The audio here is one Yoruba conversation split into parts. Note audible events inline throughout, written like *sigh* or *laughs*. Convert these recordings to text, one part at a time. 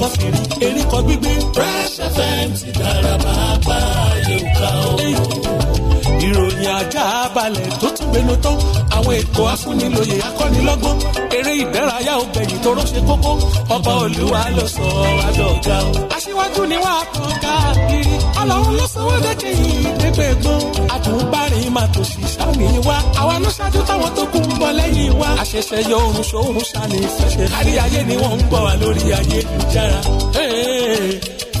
kan fìrí erí kan gbígbé. Fresh FM ti dára bàbá yóò ká o. ìròyìn ajá balẹ̀ tó tún gbénu tán àwọn ètò afúnilòyè akọ́nilọ́gbọ́n eré ìdárayá obìnrin tó rọ́ṣẹ́ kókó ọba olúwa ló sọ adọ́gà o. aṣíwájú ni wàá kàn káàkiri ọlọ́run ló sọ wọ́n dẹ́kẹ́ yìí dẹ́gbẹ́ gbọ́n àtúbárìn máa tò sí sámi wa àwa ló táwọn tó kù ń bọ̀ lẹ́yìn wa. àṣẹ̀ṣẹ̀ yọ oorun ṣòorun ṣàní ìfẹsẹ̀ kárí ni wọ́n ń bọ̀ wá lórí ayélujára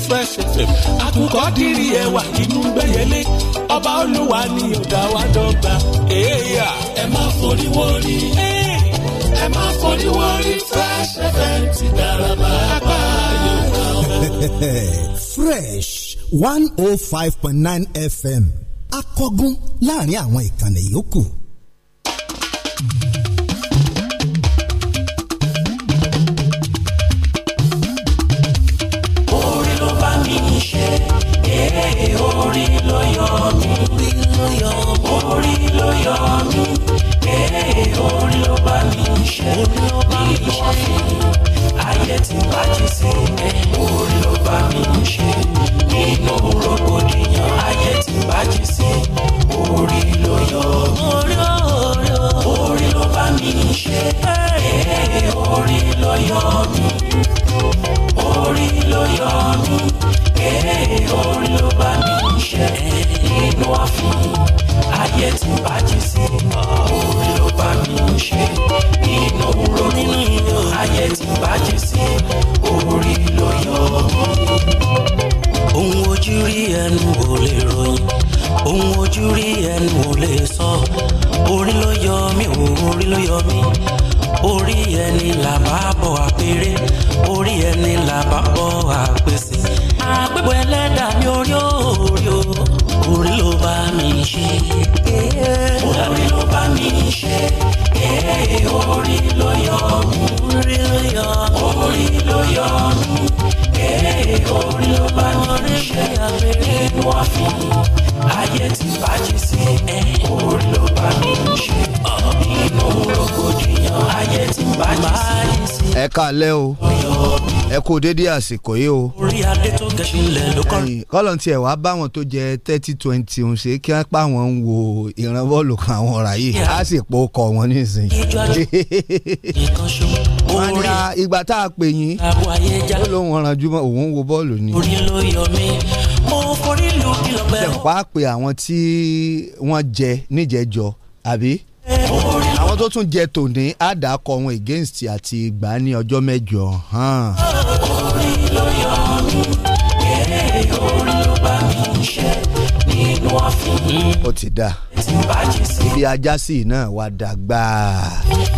fresh fm àkùkọ dìrì ẹwà inú gbẹyẹlé ọba olúwa ni ọ̀dà wa dọ́gba. ẹ má forí wọrí ẹ má forí wọrí fresh fm ti dára pàápàá yóò ká ọmọ. fresh one oh five point nine fm akọgun láàrin àwọn ìkànnì yòókù. orí ló yọ mí orí ló yọ mí orí ló bá mi ṣe ìwọ fún ayé tí bàjẹ́ sí orí ló bá mi ṣe nínú rògbòdìyàn ayé tí bàjẹ́ sí orí ló yọ mí orí ló bá mi ṣe orí ló yọ mí orí ló yọ mí orí ló bá mi ṣe inú àfin ayé ti bàjẹ́ sí orí ló bá mi ṣe inú rògbò ayé ti bàjẹ́ sí orí ló yọ mí. ohun ojú rí ẹnu ò lè ròyìn ohun ojú rí ẹnu ò lè sọ. So orí ló yọ mí o orí ló yọ mí orí ẹni làbá bọ̀ àpèrè orí ẹni làbá bọ̀ àpèsè àpèbọ̀ ẹlẹ́dàá mi orí orí o orí ló bá mi ṣe orí ló bá mi ṣe orí ló yọ mí orí ló yọ mí orí ló bá o ẹ kú dédé àsìkò yìí o. orí adé tó gẹ̀ṣin ló kọ́. kọ́lọ̀ tí wá báwọn tó jẹ thirty twenty ń ṣe kí wọ́n pa wọn ń wo ìran bọ́ọ̀lù kan àwọn ọ̀rá yìí á sì po ọkọ̀ wọn nísìnyí. wọ́n ní ìgbà tá a pè yín ó lóun ọ̀rànjú mọ́ òun ń wo bọ́ọ̀lù ni. orí ló yọ mí mo forí lu ìlọ̀pẹ̀. ṣèpá pe àwọn tí wọ́n jẹ níjẹ̀jọ àbí. orí àwọn tó tún jẹ tòní àdàkọ wọn against àti ìgbà ní ọjọ́ mẹ́jọ. orí ló yọ mí eré orí ló bá mi ṣe nínú ọ̀fìn. ó ti dá ibi ajá sí náà wà dàgbà.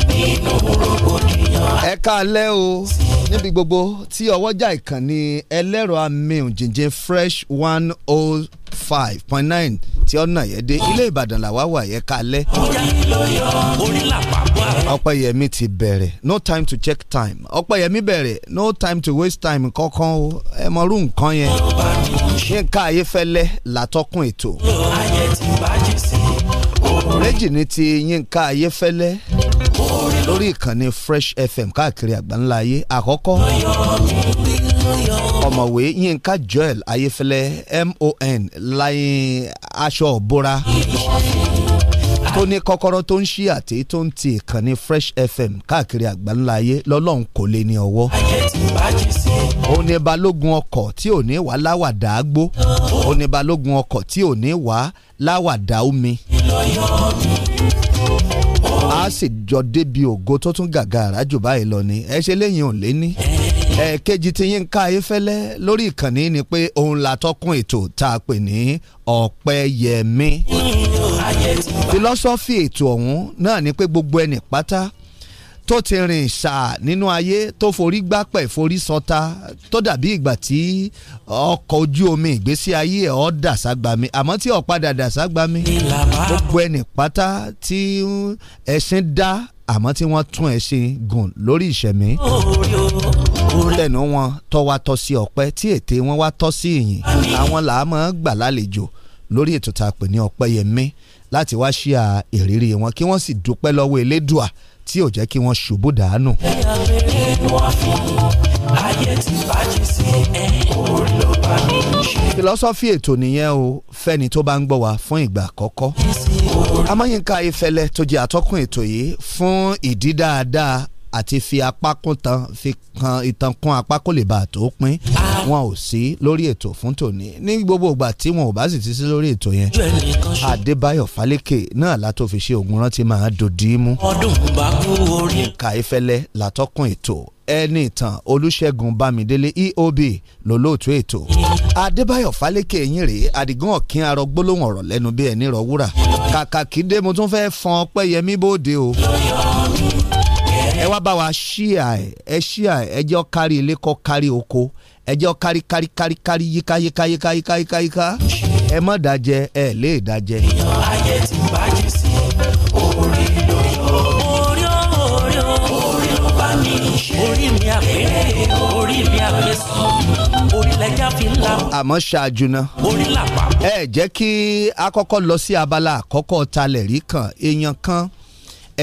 nínú rògbòdìyàn. ẹ káalẹ́ o níbi gbogbo tí ọwọ́jà ìkànnì ẹlẹ́rọ amíhùn jíjìn fresh one oh five point nine tí ọ̀nà yẹn dé ilé ìbàdàn làwa wà yẹ kalẹ̀. ọpẹ́yẹmí ti bẹ̀rẹ̀ no time to check time ọpẹ́yẹmí bẹ̀rẹ̀ no time to waste time kankan o ẹ mọ̀rú nǹkan yẹn yínká ayéfẹ́lẹ́ látọ́kùn ètò. méjì ni ti yínká ayéfẹ́lẹ́ lórí ìkànnì fresh fm káàkiri àgbáńlá ayé àkọ́kọ́ ọ̀mọ̀wé yínká joel ayéfẹ́lẹ́ mon láyìn aṣọ òbora tó ní kọ́kọ́rọ́ tó ń ṣí àti tó ń ti ìkànnì fresh fm káàkiri àgbáńlá ayé lọ́lọ́run kò lè ní ọwọ́. òun ni balógun ọkọ̀ tí ò ní wá láwàdà àgbo òun ni balógun ọkọ̀ tí ò ní wá láwàdà omi. a sì jọ débi ògo tó tún gàgà àràjù báyìí lọ ni ẹ ṣe lẹ́yìn ò lé ní ẹ̀ẹ̀kejì tí Yínká Ayéfẹ́lẹ́ lórí ìkànnì ni pé òun la ètò tá a pè ní Ọ̀pẹ́yẹmí fílọ́sọ́fì ètò ọ̀hún náà ni pé gbogbo ẹnì pátá tó ti rìn ṣáà nínú ayé tó forí gbápẹ̀ forí sọta tó dàbí ìgbà tí ọkọ̀ ojú omi ìgbésí ayé ẹ̀ ọ́ dàságbá mi àmọ́ tí ó padà dàságbá mi gbogbo ẹnì pátá tí ẹṣin dá àmọ́ tí wọ́n tún ẹṣin gùn lórí ìṣẹ̀mí lẹ́nu wọn tọ́ wa tọ́ sí ọpẹ́ tí ète wọn wá tọ́ sí ìyìn àwọn làá máa gbà lálejò lórí ètò tá a pè ní ọpẹ́yẹmí láti wá ṣíà ìrírí wọn kí wọ́n sì dúpẹ́ lọ́wọ́ elédùà tí ò jẹ́ kí wọ́n ṣubú dànù. ẹ̀yà ètò nìyẹn o fẹ́ni tó bá ń gbọ́ wa fún ìgbà àkọ́kọ́. amáyínká ifẹ̀lẹ́ tó jẹ́ àtọ́kùn ètò yìí fún ìdí dáadáa àti fi apá kún tan fi kan ìtàn kún apá kó lè bàa tó pín wọn ò sí lórí ètò fún tòní ní gbogbo ìgbà tí wọn ò bá sì ti sí lórí ètò yẹn Adébáyọ̀ Fálékè náà látó fi ṣe ògùn rántí máa dòdì í mú ìka ìfẹ́lẹ́ látọ́kùn ètò ẹni ìtàn Olúṣẹ́gun Bámidélé EOB lólóòtú ètò Adébáyọ̀ Fálékè yín rèé Àdìgún ọ̀kín arọ gbólóhùn ọ̀rọ̀ lẹ́nu bí ẹni rọ wúrà kàkà kí dé mo tún fẹ́ fọn ọpẹ́ yẹmí bóde o ẹ wá bá wa ṣíà ẹ ẹ ṣíà ẹ jẹ́ ó kárí ilé kó kárí oko ẹ jẹ́ kárí kárí kárí kárí yíká yíká yíká yíká yíká yíká ẹ má dájẹ ẹ lè dájẹ. àmọ́ ṣáájú ná. ẹ jẹ́ kí a kọ́kọ́ lọ sí abala àkọ́kọ́ talẹ̀ rí kan èèyàn kan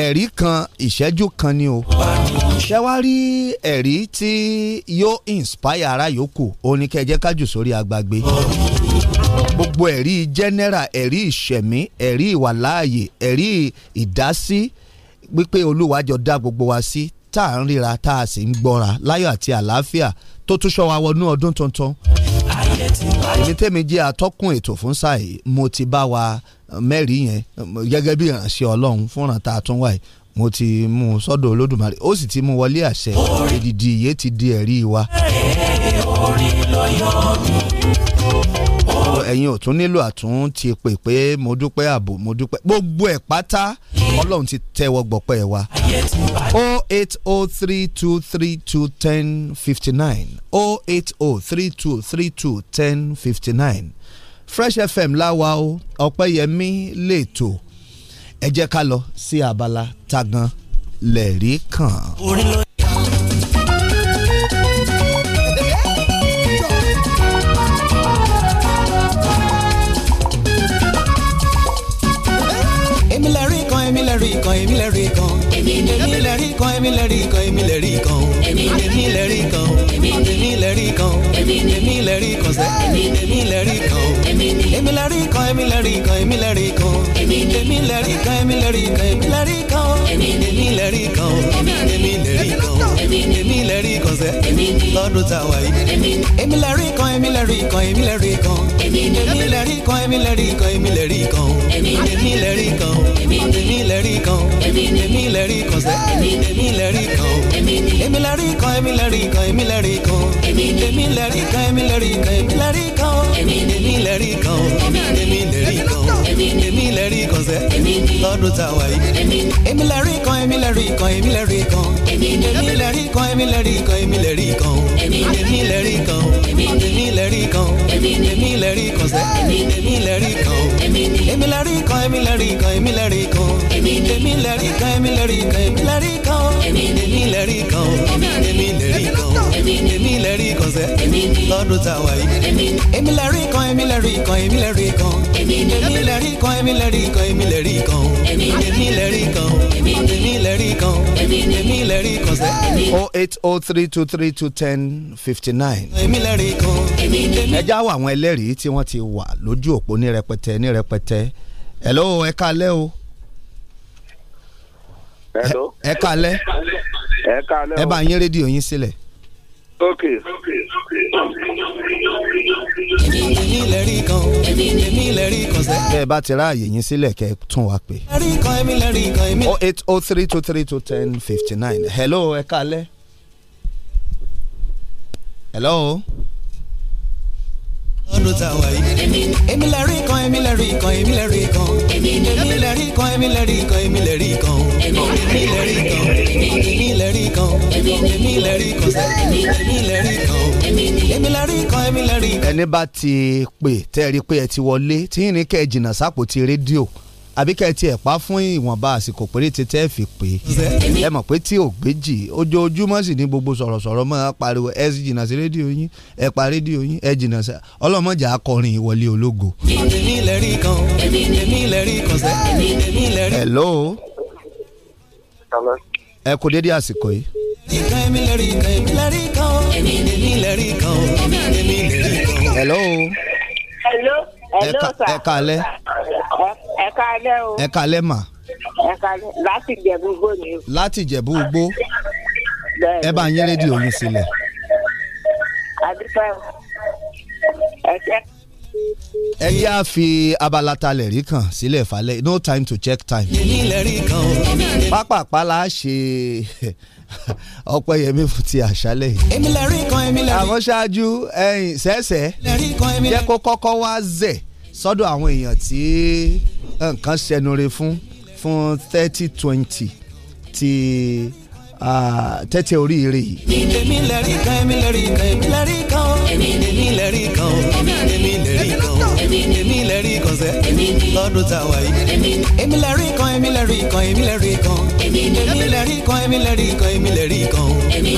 ẹ̀rí kan ìṣẹ́jú kan ni o ṣé wàá rí ẹ̀rí tí yóò inspire ara yòókù òní kẹjẹ kájù sórí agbágbé gbogbo ẹ̀rí general ẹ̀rí ìṣẹ̀mí ẹ̀rí ìwàláàyè ẹ̀rí ìdásí wípé olúwa jọ dá gbogbo wa sí tá à ń ríra tá a sì ń gbọ́ra láyọ̀ àti àlàáfíà tó tún ṣọ́ wa ọdún tuntun èmi tèmi jẹ́ atọ́kùn ètò fún sáà mo ti bá wa mẹ́rin yẹn gẹ́gẹ́ bí ìránṣẹ́ ọlọ́run fúnra tá tún wáyé mo ti mú un sọ́dọ̀ olódùmarè ó sì ti mú wọlé àṣẹ èdìdì ìyé ti di ẹ̀rí wa. ẹ̀yin ò tún nílò àtún ti pè pé mo dúpẹ́ ààbò mo dúpẹ́ gbogbo ẹ̀ pátá ọlọ́run ti tẹ́wọ́ gbọ̀pẹ́ wa. o oh eight o oh three two three two ten fifty nine o oh eight o three two three two ten fifty nine Fresh FM láwa o ọ̀pẹ́yẹmí lè tò ẹ jẹ́ ká lọ sí abala tagan lẹ̀rí kan. Emi lè rí kan èmi lè rí kan èmi lè rí kan èmi lè rí kan emi lè rí kan èmi lè rí kan èmi lè rí kan èmi lè rí kan sẹ́ èmi lè rí kan èmi lè rí kan èmi lè rí kan èmi lè rí kan èmi lè rí kan èmi lè rí kan èmi lè rí kan èmi lè rí kan èmi lè rí kan èmi lè rí kan sẹ́ lọ́dún tá a wà yìí èmi lè rí kan èmi lè rí kan èmi lè rí kan èmi lè rí kan èmi lè rí kan èmi lè rí kan èmi lè rí kan èmi lè rí kan èmi lè rí kan sẹ́ èmi lè rí kan èmi lè rí kan èmi lè rí kan èmi lè rí kan kan o. èmi lẹ́rìí kan èmi lẹ́rìí kan èmi lẹ́rìí kan o. èmi lẹ́rìí kan o. èmi lẹ́rìí kan o. èmi lẹ́rìí kan sẹ́. lọ́dún tá a wà yìí. èmi lẹ́rìí kan èmi lẹ́rìí kan èmi lẹ́rìí kan. èmi lẹ́rìí kan èmi lẹ́rìí kan èmi lẹ́rìí kan o. èmi lẹ́rìí kan o. èmi lẹ́rìí kan o. èmi lẹ́rìí kan sẹ́. èmi lẹ́rìí kan o. èmi lẹ́rìí kan èmi lẹ́rìí kan èmi lẹ́rìí kan o. èmi lẹ́rìí kan èmi lẹ́rìí kan èmi lẹ́rìí kan o. èmi lẹ́rìí kan o. èmi lẹ́rìí kan o èmi lè rí kan sẹ́ lọ́dún tá a wà yìí. èmi lè kan èmi lè kan èmi lè kan èmi lè kan èmi lè kan èmi lè kan èmi lè kan èmi lè kan èmi lè kan sẹ́. oh eight oh three two three two ten fifty nine. èmi lè rí kan. ẹja wà àwọn ẹlẹ́rìí tí wọ́n ti wà lójú òpó ní rẹpẹtẹ ní rẹpẹtẹ ẹ̀ ẹ kálẹ́ o ẹ kálẹ́ ẹ bá yín rédíò yín sílẹ̀. Okay. bẹ́ẹ̀ bá ti ráàyè yín sílẹ̀ kẹ́ tún wá pé. èmi oh eight oh three two three two ten fifty nine hello ẹ kálẹ́. hello. ọdún tá a wà yìí. èmi lè rí kan èmi lè rí kan èmi lè rí kan èmi lè rí kan èmi lè rí kan èmi lè rí kan èmi lè rí kan èmi lẹ́rìí kan èmi lẹ́rìí kan o èmi lẹ́rìí kan èmi lẹ́rìí kan. ẹni bá ti pè tẹ́ ẹ rí i pé ẹ ti wọlé tí yìnyín kẹ́ ẹ jìnnà sápò ti rédíò àbí kẹ́ ẹ tiẹ̀ pa fún ìwọ̀nba àsìkò péréte tẹ́ ẹ fi pè é ẹ mọ̀ pé tí ò gbéjì ojoojúmọ́ sì ní gbogbo sọ̀rọ̀sọ̀rọ̀ máa pariwo ẹ jìnnà sí rédíò yín ẹ pa rédíò yín ẹ jìnnà sí ọlọ́mọjà akọrin ìwọlé ológo. èmi lẹ́rí kan èmi lẹ́rí kan sẹ́ èmi lẹ́rí. hello ẹ kú dédé àsìkò yìí. nìkan èmi lè rí kan èmi lè rí kan o èmi lè rí kan o èmi lè rí kan o. hello. hello hello sir. ẹ kálẹ́. ẹ kálẹ́ o. ẹ kálẹ́ mà. ẹ kálẹ́ láti Ìjẹ̀bú Igbó ni. láti Ìjẹ̀bú Igbó. ẹ bá ń yín rédíò yín sílẹ̀. àdúgbò ẹ jẹ́ ẹ jẹ́ fi abala talẹ̀ rí kan sílẹ̀ falẹ̀ no time to check time. èyí lè rí kan o. pápápá la ṣe *laughs* ọpẹ́ yẹmí fún ti àṣálẹ̀ yìí. èmi lè rí kan èmi lè rí. àwọn ṣáájú ẹ̀yìn sẹ́sẹ̀ jẹ́ kó kọ́kọ́ wá zẹ̀ sọ́dọ̀ àwọn èèyàn tí nǹkan ṣẹnure fún fún thirty twenty ti tẹ́tẹ́ oríire yìí. èmi lè rí kan èmi lè rí kan èmi lè rí kan o èmi lè rí kan o èmi lè rí kan o èmi lè rí kan sẹ́ lọ́dún tá a wà yìí. èmi lè rí kan èmi lè rí kan èmi lè rí kan èmi lè rí kan èmi lè rí kan èmi lè rí kan o èmi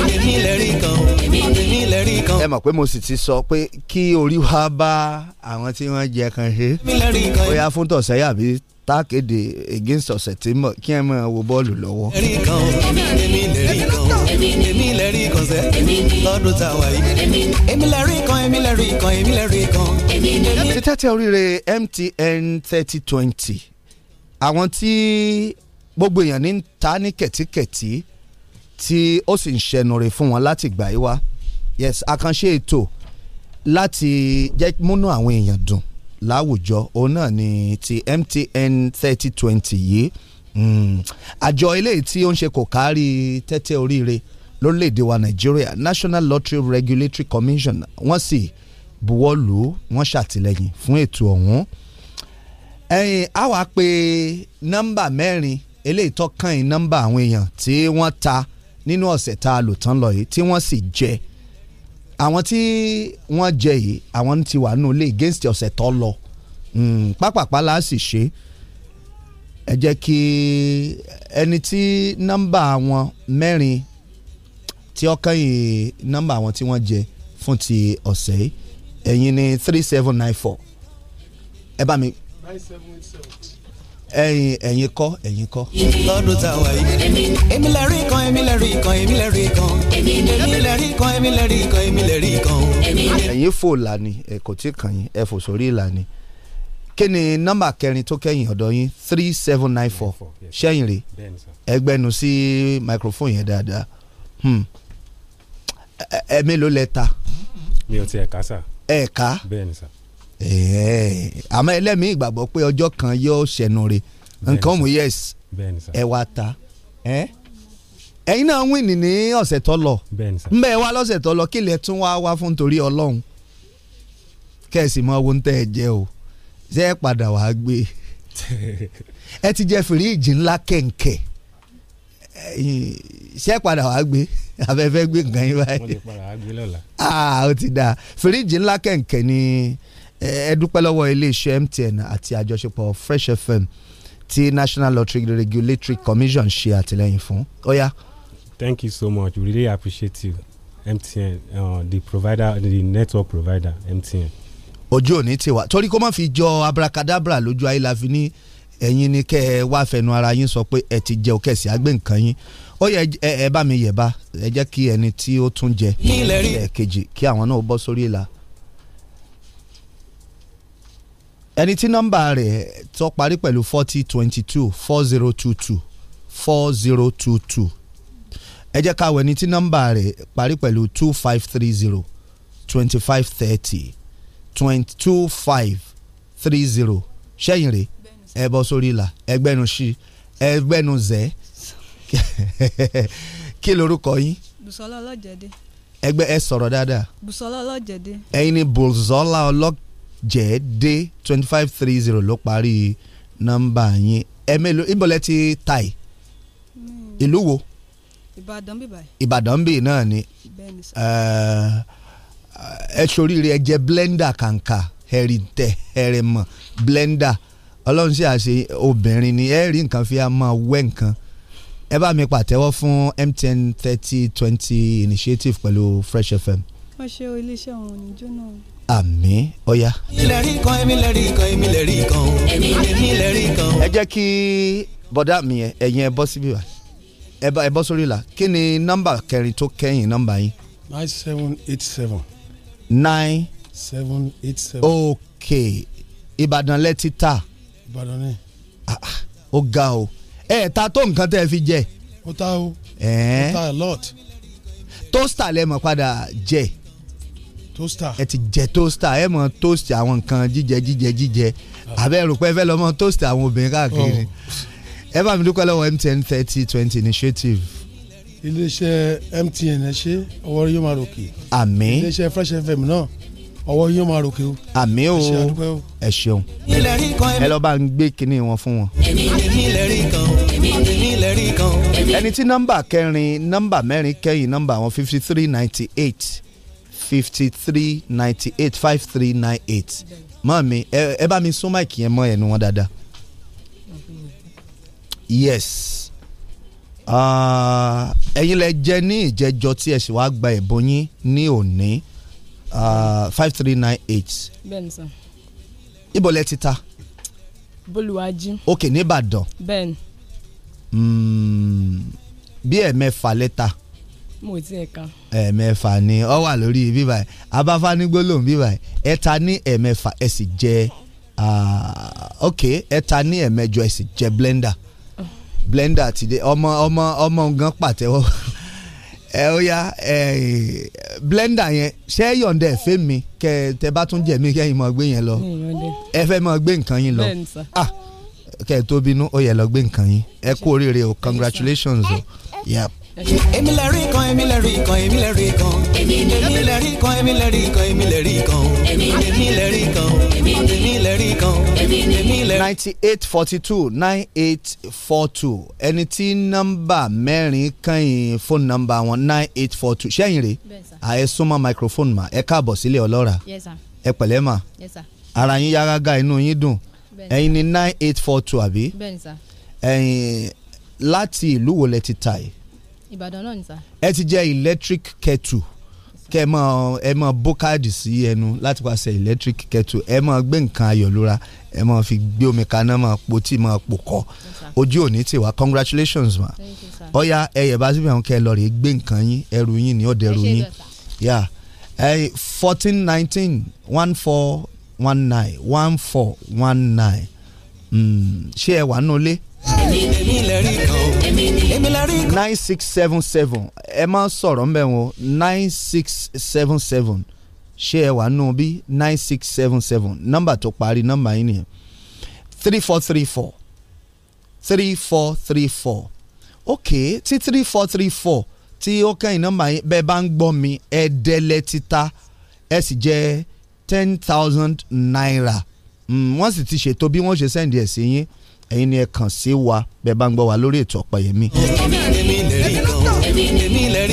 lè rí kan o èmi lè rí kan. ẹ mọ̀ pé mo sì ti sọ pé kí orí wa bá àwọn tí wọ́n jẹ kan ṣe bóyá fún tọ̀sẹ̀ yàbí tá a kéde against ọ̀sẹ̀ tí mọ̀ kí ẹ máa wo bọ́ọ̀lù lọ́wọ́. èmi kan èmi lẹ́rí kan èmi lẹ́rí kan sẹ́ lọ́dún tá a wà yìí èmi lẹ́rí kan èmi lẹ́rí kan èmi lẹ́rí kan. títẹ́ tẹ oríire MTN thirty twenty àwọn tí gbogbo èèyàn ní ta ní kẹ̀tíkẹ̀tí tí ó sì ń ṣẹnure fún wọn láti gbà yí wá yes àkànṣe ètò láti jẹ́ múnú àwọn èèyàn dùn láwùjọ òun náà ni ti MTN thirty twenty yìí hmm. àjọ eléyìí tí ó ń ṣe kò kárí tẹ́tẹ́ oríire lórílẹ̀‐èdè wa Nàìjíríà National Lottery Regulatory Commission wọ́n sì buwọ́ lù ú wọ́n ṣàtìlẹ́yìn fún ètò ọ̀hún ẹ̀yìn á wàá pe nọ́mbà mẹ́rin eléyìí tọ́kàn yìí nọ́mbà àwọn èèyàn tí wọ́n ta nínú ọ̀sẹ̀ tá a lò tán lọ yìí tí wọ́n sì jẹ́ àwọn tí wọ́n jẹ yìí àwọn ti wà nù lé against ọ̀sẹ̀ tó lọ hmm, pápápá la sì ṣe ẹ jẹ́ kí ẹni tí nọ́mbà wọn mẹ́rin tí ó kẹ́yìn nọ́mbà wọn tí wọ́n jẹ fún ti ọ̀sẹ̀ yìí ni three seven nine four ẹ bá mi. nine seven eight seven ẹ̀yin ẹ̀yin kọ́ ẹ̀yin kọ́. lọ́dún tá a wà yìí. èmi lè rí kan èmi lè rí kan èmi lè rí kan èmi lè rí kan èmi lè rí kan èmi lè rí kan. ẹ̀yin fò lànì ẹ̀ kò tí kàn yín ẹ̀ fò sórí ìlànì kí ni nọ́mbà kẹrin tó kẹ́yìn ọ̀dọ̀ yín three seven nine four ṣẹ́yìn rè ẹgbẹ́nu sí microphone yẹn dáadáa hmm. ẹ̀ẹ́mélòó lẹ ta. mi ò tiẹ̀ ká sà. ẹ̀ẹ́ká. bẹ́ẹ̀ ni sà àmọ́ ẹlẹ́mìí ìgbàgbọ́ pé ọjọ́ kan yóò ṣẹnu re nǹkan yes ẹ wá ta náà lọ lọ́sẹ̀ tó lọ kí lè tún wá wá fún torí ọlọ́run kẹ́sì mọ owó o ṣé ẹ padà gbé *laughs* ẹ ti jẹ fìríìjì ńlá kẹ̀ǹkẹ̀ ṣé ẹ padà gbé afẹ́fẹ́ *laughs* gbé *laughs* ah ó ti da fìríìjì ńlá kẹ̀ǹkẹ̀ ni. ẹ dúpẹ́ lọ́wọ́ iléeṣẹ́ MTN àti àjọṣepọ̀ Fresh FM tí National Lottery Regulatory Commission ṣe àtìlẹ́yìn fún ó Thank you so much we really appreciate you MTN uh, the provider the network provider MTN. ojú òní ti wà torí kó má fi jọ abracadabra lójú ayé la fi ní ẹ̀yin ni kẹ́ ẹ wá fẹnu ara yín sọ pé ẹ ti jẹ òkè sí àgbẹ̀ nǹkan yín ó yẹ ẹ bá mi yẹ̀ bá ẹ jẹ́ kí ẹni tí ó tún jẹ ilẹ̀ kejì kí àwọn náà bọ́ sórí ìlà. ẹni tí nọ́mbà rẹ̀ tó parí pẹ̀lú forty twenty two four zero two two four zero two two ẹ jẹ́ ká wẹ̀ ní tí nọ́mbà rẹ̀ parí pẹ̀lú two five three zero twenty five thirty twenty two five three zero ṣẹ́yìn rẹ̀ ẹ bọ́ sórí ìlà ẹgbẹ́nu ṣí ẹgbẹ́nu zẹ́ *laughs* kí lorúkọ yín. Bùsọ́lá Ọlọ́jẹ̀dé. ẹgbẹ́ ẹ sọ̀rọ̀ dáadáa. Bùsọ́lá Ọlọ́jẹ̀dé. ẹ̀yin ni Bùsọ́lá Ọlọ́jẹ̀dé jẹ́ dé twenty five three zero ló parí nọ́mbà yín ẹ̀mẹ́lò ìbọ̀lẹ̀ ti tàì hmm. ìlú wo. ìbàdàn bíi náà ni ẹ ṣoríire ẹ jẹ blender kàǹkà ẹ̀rìntẹ̀ ẹ̀rìmọ̀ blender ọlọ́run sì àṣe obìnrin ni ẹ rí nǹkan fi á máa wẹ́ nǹkan ẹ bá mi pàtẹ́wọ́ fún MTN thirty twenty initiative pẹ̀lú Fresh FM. wọ́n ṣe iléeṣẹ́ òun ò ní jóná o àmì ọ̀yá. ìmìlẹ̀rí kan ìmìlẹ̀rí kan ìmìlẹ̀rí kan ìmìlẹ̀rí kan. ẹ jẹ́ kí bọ́dá mi yẹn ẹ̀yin ẹ bọ́ síbí wa ẹ bá ẹ bọ́ sórí la kí ni nọ́mbà kẹrin tó kẹ́yìn nọ́mbà yín. nine seven eight seven. nine. seven eight seven. ok ìbàdàn lẹ́tí ta. ìbàdàn ni. Ah, ah, ó ga o ẹ ta tó nǹkan tẹ́ ẹ fi jẹ. ó ta o. ó ta a lot. tóstà lẹ́mọ̀ padà jẹ́ ẹ ti jẹ toaster ẹ mọ toast àwọn nǹkan jíjẹ jíjẹ jíjẹ abẹ́ rò pé ẹ fẹ́ lọ mọ toast àwọn obìnrin káàkiri oh. ẹ bá mi dúpẹ́ lọ́wọ́ MTN thirty twenty initiative. iléeṣẹ́ MTN ẹ ṣe ọwọ́ yóò máa ròkè. àmín iléeṣẹ́ Fresh FM náà ọwọ́ yóò máa ròkè o. àmín o ẹ ṣeun ẹ lọ bá ń gbé kinní wọn fún wọn. èmi ni lẹ́rìí kan èmi ni lẹ́rìí kan. ẹni tí nọ́mbà kẹrin nọ́mbà mẹ́rin kẹ́yìn nọ́mbà wọn fifty three ninety eight fifty three ninety eight five three nine eight mọ́ mi ẹ bá mi sún máìkì yẹn mọ́ ẹnu wọn dáadáa yes ah, ẹ̀yin lẹ jẹ́ ní ìjẹ́jọ́ tí ẹ sì wá gba ẹ̀bùn yín ní òní ah, five three nine eight bẹ́ẹ̀ni sàn ibo lẹ ti ta bolùwájú ok ní Ìbàdàn bẹ́ẹ̀ni hmm, bí ẹ̀mẹ́fà lẹ́ta mo ti ẹ̀ ka. ẹ̀ẹ̀mẹ́fà ni ọ wà lórí bíbá ẹ̀ abáfánigbó lòún bíbá ẹ̀ ẹ̀ ta ní ẹ̀ẹ̀mẹ́fà ẹ̀ sì jẹ́ ah, ok ẹ̀ ta ní ẹ̀ẹ̀mẹ́jọ ẹ̀ sì jẹ́ blender blender ti dé ọmọ ọmọ ọmọ gan pàtẹ́wọ́ ẹ ó yá blender yẹn ṣé yọ̀ǹda ẹ̀ fẹ́ mi kẹ tẹ bá tún jẹ̀ mí kẹ́yìn mọ́ gbé yẹn lọ ẹ fẹ́ mọ́ gbé nǹkan yín lọ ah kẹ́ ẹ tó bínú ó yẹ lọ gbé nǹkan yín ẹ kú oríire o congratulations o yep èmi lè rí kan èmi lè rí kan èmi lè rí kan èmi lè rí kan èmi lè rí kan èmi lè rí kan èmi lè rí kan èmi lè rí kan èmi lè. ninety eight forty two nine eight four two ẹni tí nọ́mbà mẹ́rin kẹ́yìn fóònù nọ́mbà wọn nine eight four two ṣẹ́yìn rè ẹ súnmọ́ microphone ma. ẹ káàbọ̀ sílẹ̀ ọlọ́ra ẹ pẹ̀lẹ́ mà ara yín yára ga inú yín dùn ẹ̀yin ni nine eight four two àbí ẹ̀yin láti ìlú wo lẹ ti ta yìí ìbàdàn náà ni sà. ẹ ti jẹ electric kettle kẹ mọ ẹ mọ bókàdì sí ẹnu láti pàṣẹ electric kettle ẹ mọ gbé nǹkan ayọ̀lura ẹ mọ fi gbé omi kaná mọ po tí mọ pò kọ ojú òní tiwa congratulations ma ọya ẹyẹ bá síbi àwọn kẹ lọ rè gbé nǹkan yín ẹrù yín ní ọdẹ ẹrù yín ya fourteen nineteen one four one nine one four one nine hmm, ṣé ẹ wà nínú ilé nine six seven seven ẹ máa sọ̀rọ̀ ń bẹ̀ wọ́n nine six seven seven ṣé ẹ wà nù bí nine six seven seven nọ́mbà tó parí nọ́mbà yín nìyẹn three four three four three four three four ok tí three four three four tí ó kẹ́yìn nọ́mbà yín bẹ́ẹ̀ bá ń gbọ́ mi ẹ dẹ́lẹ́ títa ẹ sì jẹ́ ten thousand naira hmm, wọ́n sì ti ṣètò bí wọ́n ṣe sẹ́ǹdì ẹ̀ sí yín ẹ̀yin ni ẹ kàn sí wa bẹ́ẹ̀ bá ń gbọ́ wa lórí ètò ọ̀pẹ̀yẹmí.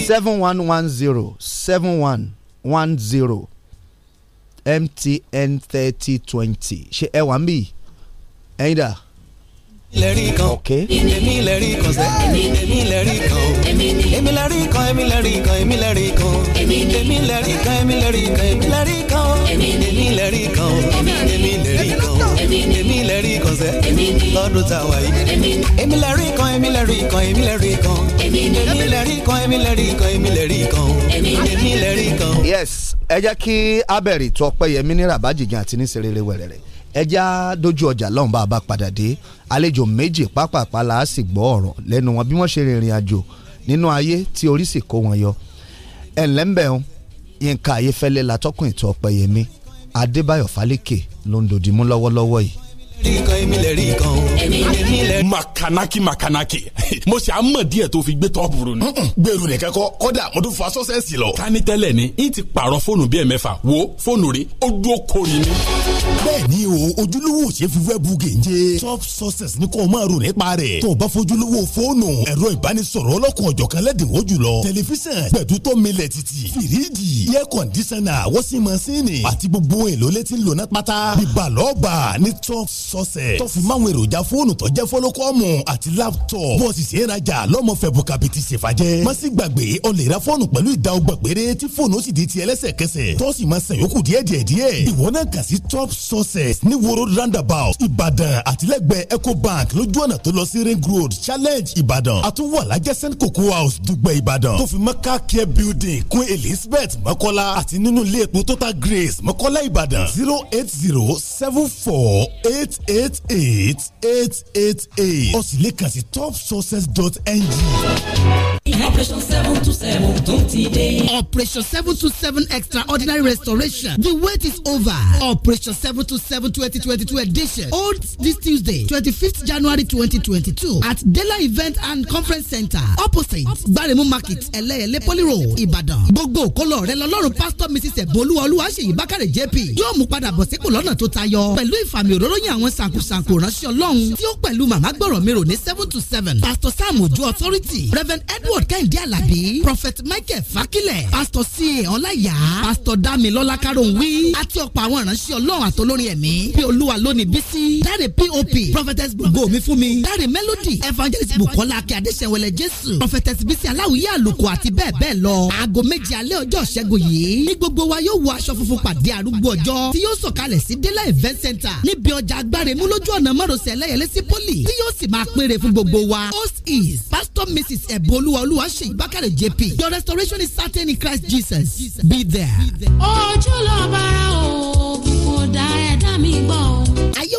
seven one one zero seven one one zero mtn thirty twenty ṣé ẹ wà ń bì ẹ̀yin dà lẹ́rìí kan èmi lẹ́rìí kan sẹ́ èmi lẹ́rìí kan èmi lẹ́rìí kan èmi lẹ́rìí kan èmi lẹ́rìí kan èmi lẹ́rìí kan èmi lẹ́rìí kan èmi lẹ́rìí kan èmi lẹ́rìí kan èmi lẹ́rìí kan èmi lẹ́rìí kan sẹ́ lọ́dún tá a wà yìí èmi lẹ́rìí kan èmi lẹ́rìí kan èmi lẹ́rìí kan èmi lẹ́rìí kan èmi lẹ́rìí kan èmi lẹ́rìí kan èmi lẹ́rìí kan. yes ẹ jẹ́ kí abẹ́rì tó yẹmí ní rabajijan àti ní serere wẹ̀rẹ̀rẹ̀ ẹja dojú ọjà lọ́hùn bá a bá padà dé àlejò méjì pápápá la á sì gbọ́ ọ̀rọ̀ lẹ́nu wọn bí wọ́n ṣe rìnrìn àjò nínú ayé tí orí sì kó wọn yọ ẹ̀ǹlẹ́ ń bẹ̀ ń Yínká Ayéfẹ́lẹ́ la tọ́kùn ètò Ọ̀pẹ́yẹmí Adébáyọ̀ Fálékè ló ń dòdìmú lọ́wọ́lọ́wọ́ yìí makanaki makanaki *laughs* mo ṣe àmọ díẹ̀ tó fi gbé tọpù rò ni. gbèrú nìkan kọ kódà mo tún fa sọsẹsì lọ. ká ní tẹ́lẹ̀ ni n ti pààrọ̀ fóònù bíi ẹ̀mẹ́fà wo fóònù rí ó dúró kori ni. bẹ́ẹ̀ni o ojúlówó ṣe fi wẹ́ẹ̀bù gèje top success ní kò máa rò nípa rẹ̀ tó o bá fojúlówó fóònù ẹ̀rọ ìbánisọ̀rọ̀ ọlọ́kùn ọ̀jọ̀kan lẹ́dínwó jùlọ tẹlifíṣàn gbẹ̀dútọ́ milẹ̀ títì fìrídì air conditioner wọ́sí masínì àti gbogbo èlò sọ́sẹ̀ tó fi máwọn èròjà fóònù tó jẹ́ fọ́lọ́kọ́mù àti láptọ̀pù bọ́ọ̀sì sì ń rajà lọ́mọ̀fẹ́ bùkàbìtì ṣèfàjẹ́ má sì gbàgbé ọ lè ra fóònù pẹ̀lú ìdá ọgbà péré tí fóònù ó sì di ti ẹlẹ́sẹ̀kẹsẹ̀ tó sì máa san yòókù díẹ̀ díẹ̀ díẹ̀ ìwọ náà kà sí top sources ní woro roundabout ìbàdàn àtìlẹ́gbẹ̀ẹ́ ecobank lójú ọ̀nà tó lọ sí ring road challenge ìbàdàn àtúwọ̀ alájẹ́ st cocoa house dùgbẹ̀ ìbàdàn tó fi mọ́ car care building kún elizabeth mọ́kọ́lá àti nínú ilé epo total grace mọ́kọ́lá ìbàdàn zero eight zero seven four eight eight eight eight eight eight eight topsources.ng. Operation seven two seven tó ti Operation seven two seven extraordinary restoration. The wait is over. Operation seven two seven twenty twenty two edition holds this Tuesday twenty fifth January twenty twenty two at Dela Event and Conference Center opposite Gbaremu Market Ẹlẹ́yẹlé Poly Road Ìbàdàn. Gbogbo òkólọ rẹ lọ́lọ́run pásítọ̀ Mrs. Ẹ̀bọ́lú Oluwaseyi, Bakare, JP yóò mú padà bọ̀ sípò lọ́nà tó tayọ pẹ̀lú ìfàmì òróró yẹn àwọn àwọn sàǹkóṣàǹkó ránṣẹ́ ọlọ́run tí ó pẹ̀lú màmá gbọ̀rọ̀ mi rò ní seven to seven pastor sam ojú authority reverend edward kẹ́hìndé alábí prophet michael fakilẹ̀ pastor c ọláyà pastor damilola karunwi àti ọ̀pọ̀ àwọn ránṣẹ́ ọlọ́run àtolórin ẹ̀mí bí olúwa lónìí bísí dáre pop prophetess gbogbo mi fún mi dáre melody evangelist bukola akíndéṣẹ̀wẹ̀lẹ̀ jésù prophetess bísí aláwìyé àlùkò àti bẹ́ẹ̀ bẹ́ẹ̀ lọ aago méje alẹ́ ọjọ́ ṣẹ́gun yìí ní gbogbo wa yóò wọ aṣọ funfun pàdé arúgbó ọjọ́ tí yóò sọ̀kalẹ̀ sí délẹ̀ event center níbi ọjà agbára mú lójú ọ̀nà márosẹ̀ ẹlẹ́yẹlé sí poli tí yóò sì máa péré fún gbogbo wa. host is pastor mrs ẹ̀bùnolúwa olúwaṣe ìbákàrẹ̀ jp your restoration is certain in christ jesus be there. ojúlọ bára òògùn kò dá ẹ̀dá mi gbọ́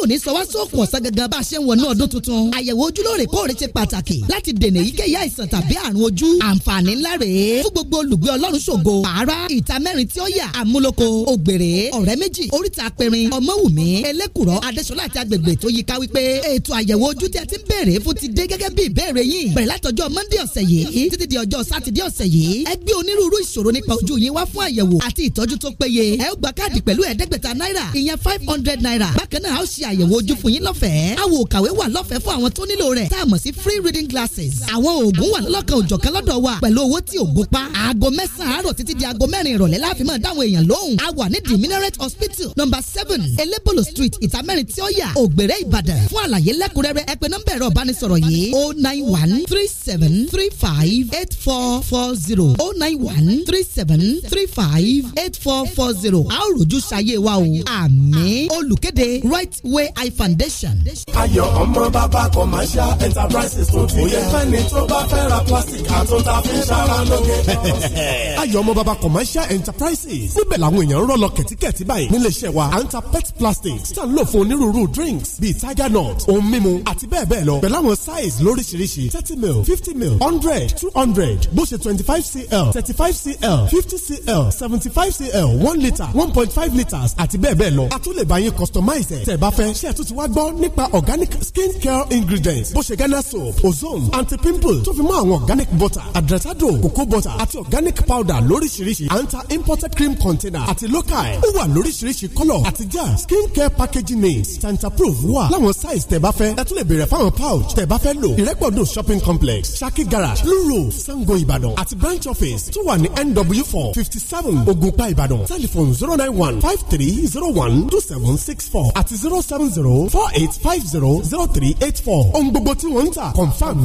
ò ní sọ wá sóòkùn ọ̀sán gangan bá a ṣe ń wọnú ọdún tuntun. àyẹ̀wò ojú lóòrèkóòrè ṣe pàtàkì láti dènà èyíkéyìí àìsàn tàbí àrùn ojú. àǹfààní ńlá rèé fún gbogbo olùgbé ọlọ́run ṣògo pààrà ìta mẹ́rin tí ó yà àmúlòkọ ògbèrè ọ̀rẹ́ méjì oríta apẹ̀rin ọmọwùmí elékùrọ̀ adéṣọlá àti agbègbè tó yíká wípé ètò àyẹ̀wò ojú tí a ti ń béèrè fún ti dé gẹ́gẹ́ bí five hundred naira bákan náà a ṣàyẹ̀wò ojú fún yín lọ́fẹ̀ẹ́ awòkàwé wà lọ́fẹ̀ẹ́ fún àwọn tó nílò rẹ̀ tá a mọ̀ sí free reading glasses àwọn oògùn wà lọ́kàn òjọ̀kan lọ́dọ̀ wa pẹ̀lú owó tí ò gún aago mẹ́sàn-án àárọ̀ títí di aago mẹ́rin ìrọ̀lẹ́ la máa dáhùn èèyàn lóhùn a wà ní the minaret hospital number seven elébolo street ìtàmẹ́rin tí ó yà ògbèrè ìbàdàn fún àlàyé lẹ́kùnrẹ́rẹ́ ẹ roi foundation. ayọ̀ ọmọ bàbá commercial enterprises tó ti yẹ fẹ́ni tó bá fẹ́ ra plastic àtúntà fi ṣára lóge. *laughs* ayọ̀ ọmọ bàbá commercial enterprises síbẹ̀ làwọn èèyàn rọ̀ lọ kẹ̀tíkẹ̀tí báyìí nílé iṣẹ́ wa à ń ta pet plastics tá à ń lò fún onírúurú drinks bíi tiger nut ohun mímu àti bẹ́ẹ̀ bẹ́ẹ̀ lọ pẹ̀lú àwọn size lóríṣiríṣi thirty mil fifty mil hundred two hundred bó ṣe twenty five cl thirty five cl fifty cl seventy five cl one litre one point five litres àti bẹ́ẹ̀ bẹ́ẹ̀ lọ a tún lè bá yín customize ẹ̀ tẹ̀ bá fẹ́ ṣe àtúntì wá gbọ́ nípa organic skin care ingredients bó ṣe Ghana soap ozone anti pimple tó fi mọ́ àwọn organic butter adretado cocoa butter àti organic powder lóríṣiríṣi à ń imported cream container àti local ó wà lóríṣiríṣi colour àti jar skin care packaging names Tantaproof wà láwọn size tẹ́ bá fẹ́ ẹ tún lè béèrè fáwọn pouch tẹ́ bá fẹ́ lò ìrẹ́pọ̀dùn shopping complex Saki garage Blue Road Sango Ìbàdàn àti branch office tó wà ní NW four fifty seven Ògùnpa Ìbàdàn telephone zero nine one five three zero one two seven six four àti zero seven seven zero four eight five zero zero three eight four ohun gbogbo tí wọ́n ń tà confam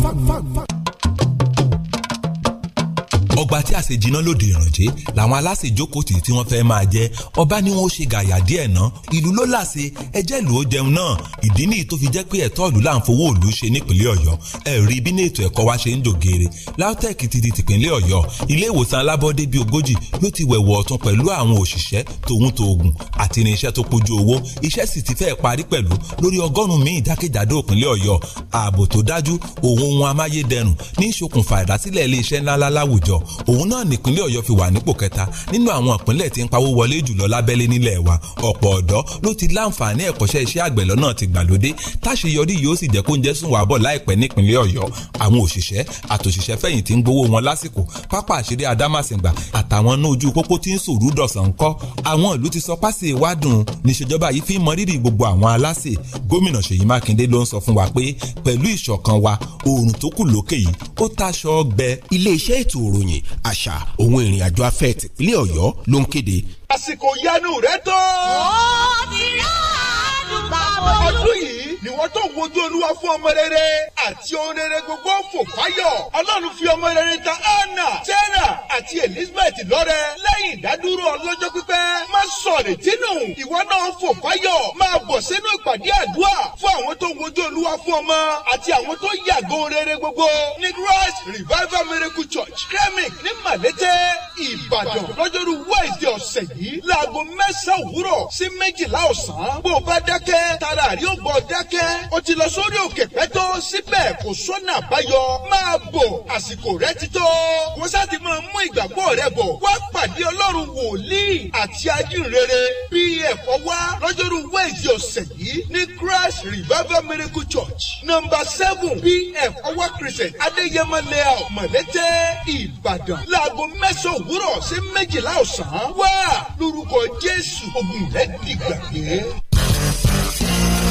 ọgbà tí àṣẹ jiná lòdì ìrànjẹ làwọn aláṣẹ ìjókòó tì tí wọ́n fẹ́ máa jẹ ọba ni wọ́n ó ṣe gàyà díẹ̀ ná ìlú ló láṣẹ ẹjẹ́ ìlú ó jẹun náà ìdí nìyí tó fi jẹ́ pé ẹ̀tọ́ ìlú là ń fowó ìlú ṣe nípínlẹ̀ ọ̀yọ́ ẹ̀rí bí ní ètò ẹ̀kọ́ wa ṣe ń dògèrè LAUTECH ti ti tìpínlẹ̀ ọ̀yọ́ ilé ìwòsàn alábọ́dé bíi ogójì yóò ti wẹ̀wọ̀ ọ̀tún pẹ̀lú àwọn òṣìṣẹ́ tòun tòògùn àti irinṣẹ́ tó kojú owó iṣẹ́ sì ti fẹ́ẹ̀ parí pẹ̀lú lórí ọgọ́rùn-ún míì jákèjádò òpínlẹ̀ ọ̀yọ́ ààbò tó dájú òun ohun amáyédẹrùn ní ìṣokùnfà ìdásílẹ̀ ilé lọ òun náà nìpínlẹ̀ Ọ̀yọ́ fi wà nípò kẹta nínú àwọn ìpínlẹ̀ tí ń pawó wọlé jùlọ lábẹ́lé nílẹ̀ wa ọ̀pọ̀ ọ̀dọ́ ló ti láǹfààní ẹ̀kọ́ṣẹ́ iṣẹ́ àgbẹ̀ lọ́nà ti gbàlódé táṣeyọrí yóò sì jẹ́ kó ń jẹ́ sùn wàbọ̀ láìpẹ́ nípínlẹ̀ Ọ̀yọ́ àwọn òṣìṣẹ́ àtòṣìṣẹ́ fẹ̀yìntì ń gbowó wọn lásìkò pápá àṣírí Adámàsìngbà àtàwọn inú ojú pópó tí ń sòrú dọ̀sán ńkọ́ àwọn ìlú ti sọ pásì ìwádùn níṣèjọba yìí fi ń mọ gbogbo àwọn aláṣẹ gómìnà Ṣèyí Mákindé ló ń sọ fún wa pé pẹ̀lú ìṣọ̀kan wa oòrùn tó kù lókè yìí ó taṣọ ọgbẹ́ iléeṣẹ́ ètò ìròyìn àṣà òun ìrìn àjò afẹ́ tìpínlẹ̀ Ọ̀yọ́ ló ń kéde. àsìkò yanu rẹ tó. ó ti rẹ́ àdùnkà ọdún yìí ni wọ́n tó wojú Olúwa fún ọmọ rere àti ohun rere gbogbo fò fáyọ̀. ọlọ́run fi ọmọ rere ta anna sarah àti elizabeth lọ́rẹ lẹ́yìn ìdádúró ọlọ́jọ́ pípẹ́. má sọ̀rè tínú ìwọ náà fò fáyọ̀ máa bọ̀ sínú ìpàdé àdúrà fún àwọn tó ń wojú olúwa fún ọmọ àti àwọn tó yàgò rere gbogbo ní christ revival miracle church kremik ní malete ìbàdàn lọ́jọ́rú wẹ́ẹ̀sì ọ̀sẹ̀ yìí láago mẹ́sàn-án òwúrọ̀ sí méjìlá ọ̀sán bó o bá dákẹ́ tara àrí gbọ́ dákẹ́ o ti lọ sórí òkè pẹ́tọ́ sí bẹ́ẹ̀ kò sọ́nà àbáyọ máa bọ̀ àsìkò rẹ ti tó. kò sáà máa mú ìgbàgbọ́ rẹ bọ̀ wá pàdé ọlọ́run wòlíì àti ajínrere bí ẹ̀kọ́ wá lọ́jọ́rú wẹ́ẹ̀sì ọ̀sẹ̀ yìí ní Christ Revival Miracle Church number seven bí ẹ̀kọ́ wá Christian Adéyẹmọ layout Mọ̀lẹ́tẹ̀ Ìbàdàn láago mẹ́sàn-án òwúrọ̀ sí méjìlá ọ̀sán wá lórúkọ Jésù ogun rẹ̀ dìgbà dé.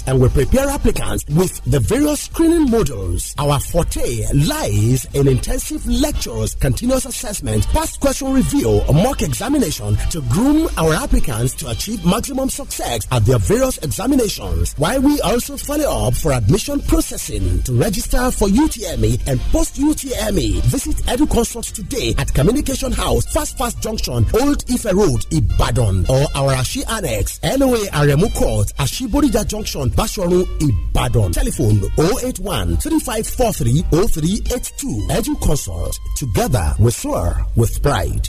applications and we prepare applicants with the various screening modules. Our forte lies in intensive lectures, continuous assessment, past question review, mock examination to groom our applicants to achieve maximum success at their various examinations. While we also follow up for admission processing to register for UTME and post UTME, visit EduConsult today at Communication House, Fast Fast Junction, Old Ife Road, Ibadan, or our Ashi Annex, LOA Aremu Court, Ashibodija Junction, and Basharun Ibadan. Telephone 081 3543 0382. Edu Consult. Together we soar with pride.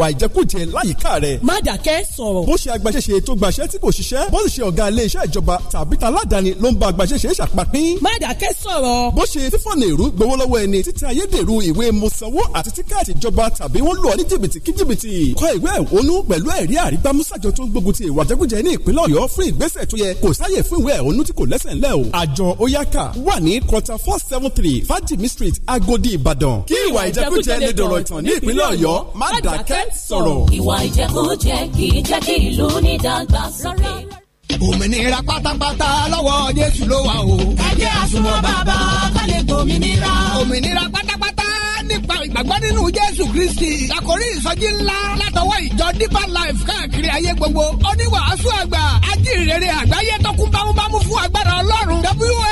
ìwà ìjẹkújẹ láyìíká rẹ̀. má dàkẹ́ sọ̀rọ̀. bó ṣe agbaṣẹ́ṣe tó gbaṣẹ́ tí kò ṣiṣẹ́ bó ṣe ọ̀gá ilé iṣẹ́ ìjọba tàbí taládàáni ló ń ba agbaṣẹ́ṣe ṣàpapín. má dàkẹ́ sọ̀rọ̀. bó ṣe fífọ́nà èrú gbowó lọ́wọ́ ẹni títí ayédèrú ìwé mọ̀sánwó àti tíkẹ́ẹ̀tì ìjọba tàbí wọ́n lù ní jìbìtì kí ìwà jẹgújẹ ní ìpínlẹ̀ ìtàn ní ìpínlẹ̀ ọ̀yọ́ má dàkẹ́ fẹ́ sọ̀rọ̀. ìwà ìjẹkújẹ kì í jẹ́ kí ìlú ní ìdàgbàsókè. òmìnira pátápátá lọ́wọ́ Jésù ló wà o. ẹ jẹ́ àsùnwọ̀n bàbá ká lè gbòmìnira. òmìnira pátápátá nípa ìgbàgbọ́ nínú Jésù Kristi. Àkòrí ìsọjí ńlá látọwọ́ ìjọ Deeper Life káàkiri ayé gbogbo. Oníwàásù àgbà ajínrere àgbáyé tó kún bámúbámú fún agbára Ọlọ́run. WA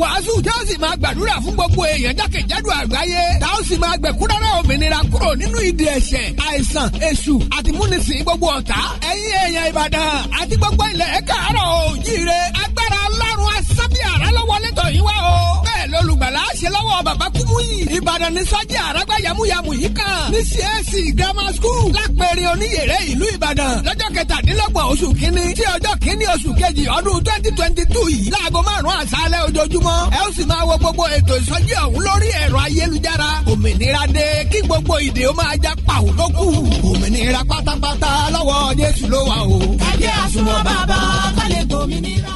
wàásù tí ó sì máa gbàdúrà fún gbogbo èèyàn jákèjádò àgbáyé tá ó sì máa gbẹ̀kúrẹ́rẹ́ òmìnira kúrò nínú ìdè ẹ̀ṣẹ̀ àìsàn èṣù àti múnisìn gbogbo ọ̀tá ẹ̀yin èèyàn Ìbàdàn àti gbogbo ilẹ̀ káàárọ̀ oòjíire agbára alárun asábíàrá lọ́wọ́ yín wá o bẹ́ẹ̀ lọ́lùgbàlà ṣe lọ́wọ́ bàbá kúmúyì ìbàdàn ní sọ́jà àràgbà yamuyamu yìí kan ní csc grammar school lápẹ̀rẹ̀ oníyèrè ìlú ìbàdàn lọ́jọ́ kẹtàdínlọ́gbọ̀n oṣù kínní tí ọjọ́ kínní oṣù kejì ọdún twenty twenty two yìí láago márùn-ún àṣálẹ́ ojoojúmọ́ ẹ ó sì máa wo gbogbo ètò ìsọjí ọ̀hún lórí ẹ̀rọ ayélujára òmìnira dé kí gbogbo ìdè ó máa já pàwó ló kù òmìnira pátápátá lọ́wọ́ jésù ló wà o. ẹ jẹ́ bàbá ká lè gbòmìnira.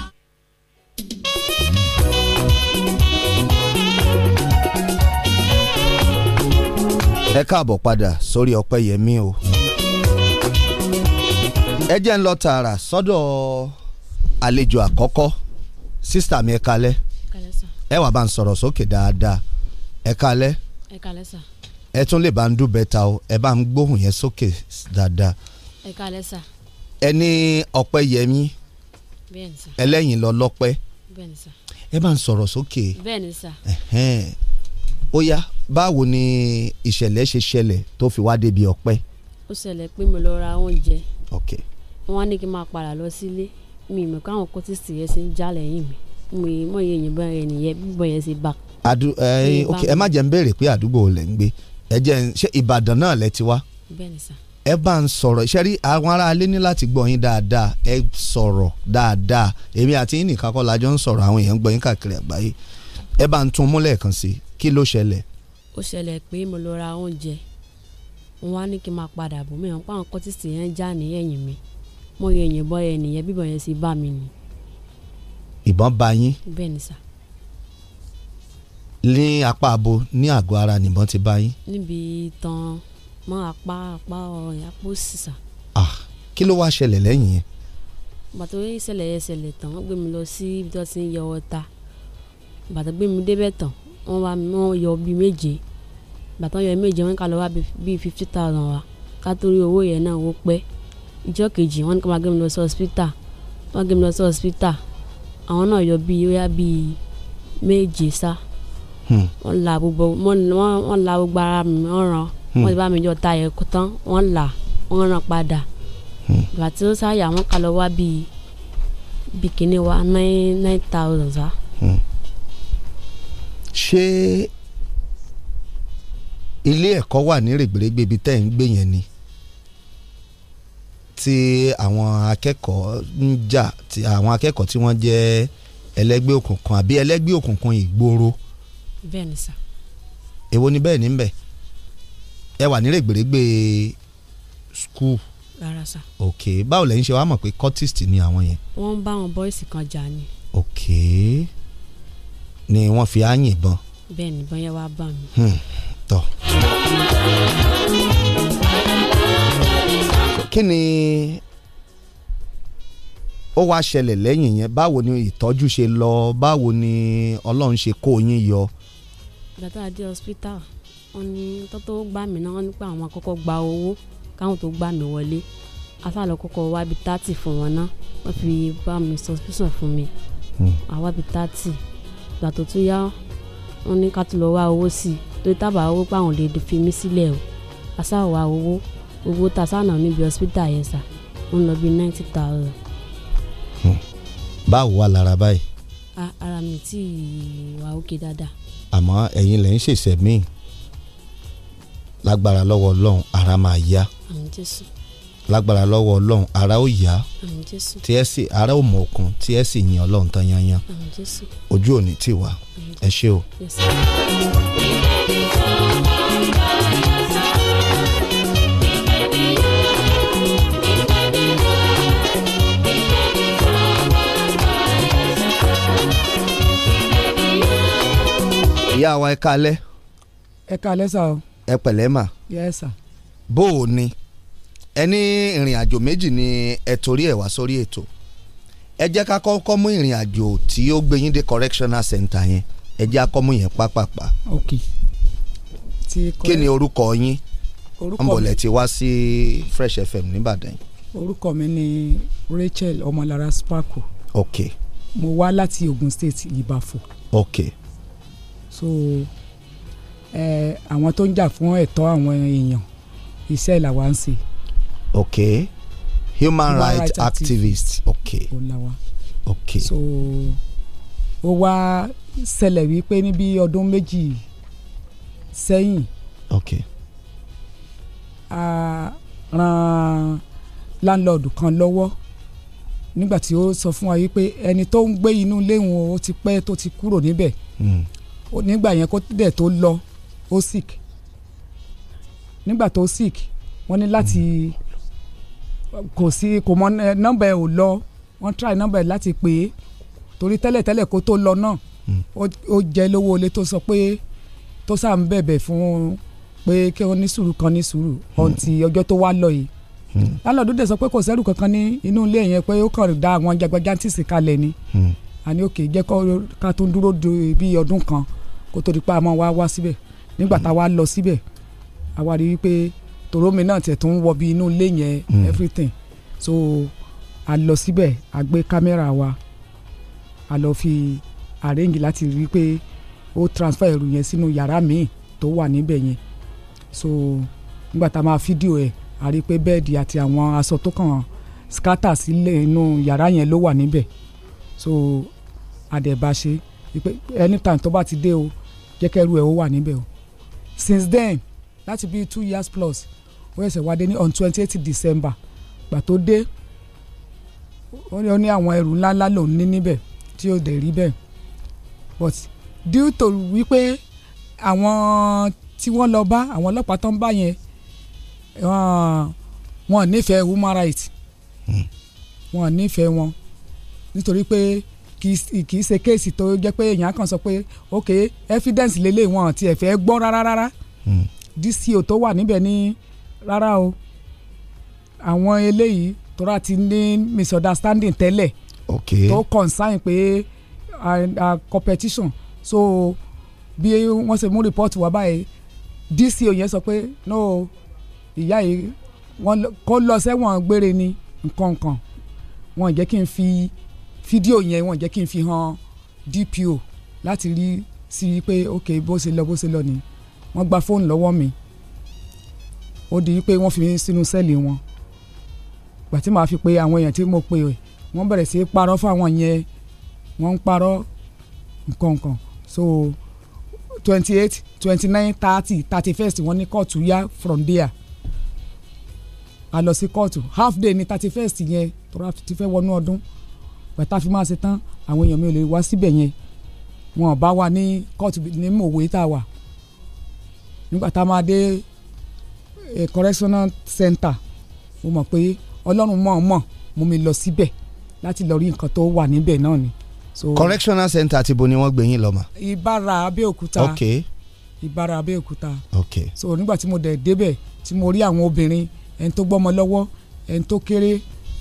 ẹ káàbọ̀ padà sórí ọpẹ́ yẹmí o ẹ jẹ́ ń lọ tààrà sọ́dọ̀ àlejò àkọ́kọ́ sísítà mi ẹ kalẹ́ ẹ wà bá ń sọ̀rọ̀ sókè dáadáa ẹ kalẹ́ ẹ kalẹ́ tún lè bá ń dúbẹ́ ta o ẹ bá ń gbóhùn yẹn sókè dáadáa ẹ kalẹ́ sà ẹ ní ọpẹ́ yẹmí ẹlẹ́yìn lọ lọ́pẹ́ ẹ bá ń sọ̀rọ̀ sókè bẹ́ẹ̀ ó yá báwo ni ìṣẹ̀lẹ̀ ṣe ṣẹlẹ̀ tó fi wá débi ọpẹ́. ó ṣẹlẹ̀ pé mo lọ ra oúnjẹ wọ́n ní kí n máa padà lọ sílé mi ìmọ̀ káwọn kọ́tìsì yẹn ṣe ń já lẹ́yìn mi mo yìí mọ̀ yẹn yìnbọn yẹn nìyẹn bíbọn yẹn ṣe bá. ẹ má jẹ́ ń béèrè pé àdúgbò lẹ̀ ń gbé ẹ jẹ́ ṣé Ìbàdàn náà lẹ ti wá. bẹ́ẹ̀ sà ẹ bá ń sọ̀rọ̀ ṣe rí àwọn ará alé ní láti gbọ́ yín dáadáa ẹ sọ̀rọ̀ dáadáa èmi àti yín nìkan kọ́ la jọ ń sọ̀rọ̀ àwọn èèyàn gbọ́ yín káàkiri àgbáyé ẹ bá ń tún múlẹ̀ kan sí kí ló ṣẹlẹ̀ ó ṣẹlẹ̀ pé mo lọ ra oúnjẹ wọ́n wá ní kí n máa padà bọ̀ mí hàn pé àwọn kọ́tìsì yẹn já ní ẹ̀yìn mi mo yẹ ìyìnbọn yẹn nìyẹn bíbọn yẹn sì bá mi nì. ìbọn bá yín. bẹ́ẹ̀ ni sà. ní apá abo ní àgọ́ ara nìbọn ti bá yín. níbi tán mọ́ apá apá ọ̀rọ̀ apó sísà. ah kí ló wáá ṣẹlẹ̀ lẹ́yìn yẹn. bàtà orí ìṣẹ̀lẹ̀ yẹn ṣẹlẹ̀ tán wọ́n gbé mi lọ sí ibi tó ti ń yọ ọta bàtà gbé mi débẹ̀ tán wọ́n wá wọ́n yọ bíi méje bàtà yọ méje wọ́n ní ká lọ wá bíi fifty thousand wa ká torí owó yẹn náà wó pẹ́ ìjọ kejì wọ́n ní ká máa gé mi lọ sí hospital wọ́n gé mi lọ sí hospital àwọn náà yọ bíi ó yá bíi méje sá hmm. wọ́n la gbogbo wọ́n la gbogbo ara mi wọ́n ràn hmm. wọ́n ti bá mi yọ ta yẹn tán wọ́n là wọ́n ràn padà hmm. bàtí ó sáyà wọ́n ká lọ wá bíi bíi wa nine nine thousand sá. Hmm ṣé ilé ẹ̀kọ́ wà ní rẹ̀gbẹ̀rẹ̀gbẹ̀ ibi tẹ́ ń gbé yẹn ni tí àwọn akẹ́kọ̀ọ́ ń jà tí àwọn akẹ́kọ̀ọ́ tí wọ́n jẹ́ ẹlẹ́gbẹ́ òkùnkùn àbí ẹlẹ́gbẹ́ òkùnkùn ìgboro. bẹ́ẹ̀ ni sà. èwo ni bẹ́ẹ̀ ni ń bẹ̀ ẹ wà ní rẹ̀gbẹ̀rẹ̀gbẹ̀ skul. rárá sà. ok báwo lẹ́yìn ṣe wàá mọ̀ pé cultist ni àwọn yẹn. wọ́n ń bá àwọn bọ́ìsì kan jà ni. ok ni wọ́n fi á yìnbọn. bẹ́ẹ̀ ni bọ́yá wàá bà mí. Hmm, tọ́ kí ni ó wá ṣẹlẹ̀ lẹ́yìn yẹn báwo ni ìtọ́jú ṣe lọ báwo ni ọlọ́run ṣe kó yín yọ. ìgbà dé hospital wọn ní tọ́tọ́ gbà mí náà wọn ní pé àwọn àkọ́kọ́ gba owó káwọn tó gbà mí wọlé afáàlọ́ kọ́kọ́ wá bíi thirty fún wọn náà wọ́n fi bá mi suspicion fún mi àwa hmm. bíi thirty ìgbà tó tún yá wọn ní ká tún lọ wá owó sí i tó tábà owó páwọn lè fi mí sílẹ̀ o àṣà wà owó owó ta sáànà níbi hospital yẹn sà ó ń lọ bí ninety thousand. Hmm. báwo wà lára báyìí. ara mi tí wà òkè dáadáa. àmọ́ ẹ̀yin lẹ ń míì lágbára lọ́wọ́ ọlọ́run ara máa yá. àmì jésù lágbára lọ́wọ́ ọlọ́run ara ó yá tí ẹ sì ara ó mọ̀ ọkàn tí ẹ sì yin ọlọ́run tán yanyan ojú òní tì wá ẹ ṣé o. ìyá wa ẹ kalẹ. ẹ kalẹ sá o. ẹ pẹ̀lẹ́ mà. bó o ni ẹni ìrìn àjò méjì ni ẹ torí ẹ wá sórí ètò ẹ jẹ́ ká kọ́kọ́ mú ìrìn àjò tí ó gbé yín dé correctional center yẹn ẹ jẹ́ akọ́mú yẹn pápápá. ok kí ni orúkọ yín ọmọlẹ̀ ti wá sí Fresh FM nìbàdàn. orúkọ mi ni Rachel Ọmọlára Sparko. ok mo wá láti Ogun State Ìbàfò. ok so àwọn tó ń jà fún ẹ̀tọ́ àwọn èèyàn iṣẹ́ làwa ń ṣe okay human, human rights right activist okay okay. so ó wá ṣẹlẹ̀ wípé níbi ọdún méjì sẹ́yìn. okay. a ran landlord kan lọ́wọ́ nígbà tí ó sọ fún wa wípé ẹni tó ń gbé inú léhùn ó ti pẹ́ tó ti kúrò níbẹ̀ hmm. nígbà yẹn kó dẹ̀ tó lọ ó sick nígbà tó sick wọ́n ní láti hmm kò sí kò mọ eh, nọ́mbà ẹ ò lọ wọ́n try nọ́mbà ẹ láti pè é torí tẹ́lẹ̀tẹ́lẹ̀ kó tó lọ náà ó jẹ́ lówó olè tó sọ pé tó sá ń bẹ̀bẹ̀ fún pé kí wọ́n ní sùúrù kan ní sùúrù ọ̀ǹtì ọjọ́ tó wá lọ yìí lálọ́dún dẹ̀ sọ pé kò sẹ́rù kankan ní inú ilé yẹn pé ó kàn dá àwọn jagbajantísì kalẹ̀ ni àní òkè jẹ́ ká tó ń dúró bí ọdún kan kó tó di pa àmọ́ wa wá síbẹ̀ nígbà tá lọ síbẹ̀ àwa rí i pé tòrómi náà tiẹ̀ tó ń wọ bí inú ilé yẹn hmm. everything so a lọ síbẹ̀ a gbé kámẹ́rà wa a lọ fi arrange láti rí i pé ó transfer ẹrù yẹn sínú yàrá míì tó wà níbẹ̀ yẹn so nígbà tá a máa fídíò ẹ̀ a rí i pé bẹ́ẹ̀dì àti àwọn aṣọ tó kàn scatter sílẹ̀ inú yàrá yẹn ló wà níbẹ̀ so àdẹ̀bá ṣe pé anytime tó bá ti dé o jẹ́kẹ́rù ẹ̀ ó wà níbẹ̀ o since then láti bíi two years plus ó ṣẹ̀ṣẹ̀ wá dé ní on twenty eight december gbà tó dé ó ní àwọn ẹrù ńláńlá lòún ní níbẹ̀ tí ó dẹ̀ rí bẹ́ẹ̀ but due to wípé àwọn tí wọ́n lọ bá àwọn ọlọ́pàá tó ń bá yẹn wọn nífẹ̀ẹ́ human rights hmm. wọn nífẹ̀ẹ́ wọn nítorí pé kì í ṣe kéèsì tó jẹ́ pé èèyàn kan sọ pé ok evidence lélẹ̀ wọn ti ẹ̀ fẹ́ gbọ́ rárá rárá hmm. DCO tó wà níbẹ̀ ní. Ni, rárá o àwọn eléyìí tóra ti ní misunderstanding tẹ́lẹ̀ okay. tó concern pé a, a competition so bí wọ́n ṣe mú report wá báyìí DCO yẹn sọ pé no ìyá yìí kó lọ sẹ́wọ̀n gbére ni nǹkan kan wọ́n jẹ́ kí n fi fídíò yẹn wọ́n jẹ́ kí n fi hàn DPO láti rí sí pé ok bó ṣe lọ bó ṣe lọ ni wọ́n gba fóònù lọ́wọ́ mi ó di pé wọ́n fi mí sínú sẹ́ẹ̀lì wọn gbà tí màá fi pe àwọn èèyàn tí mo pe wọ́n bẹ̀rẹ̀ sí í parọ́ fún àwọn yẹn wọ́n ń parọ́ nǹkan nǹkan so twenty eight twenty nine thirty thirty first wọ́n ní kóòtù yá from there a lọ sí kóòtù half day ní thirty first yẹn tó rà ti fẹ́ wọnú ọdún bàtà fi máa ṣe tán àwọn èèyàn mi ò lè wá síbẹ̀ yẹn wọn ò bá wa ní kóòtù ní mòwe tá a wà nígbà tá a máa dé correctional center mo mọ̀ pé ọlọ́run mọ̀ọ́mọ̀ mú mi lọ síbẹ̀ láti lọ rí nǹkan tó wà níbẹ̀ náà ni. So, correctional center ti bo ni wọ́n gbé yín lọ mọ́. Ìbàrà Abẹ́òkúta okay. Ìbàrà Abẹ́òkúta okay. so nígbà tí mo dẹ̀ débẹ̀ tí mo rí àwọn obìnrin ẹni tó gbọ́mọ lọ́wọ́ ẹni tó kéré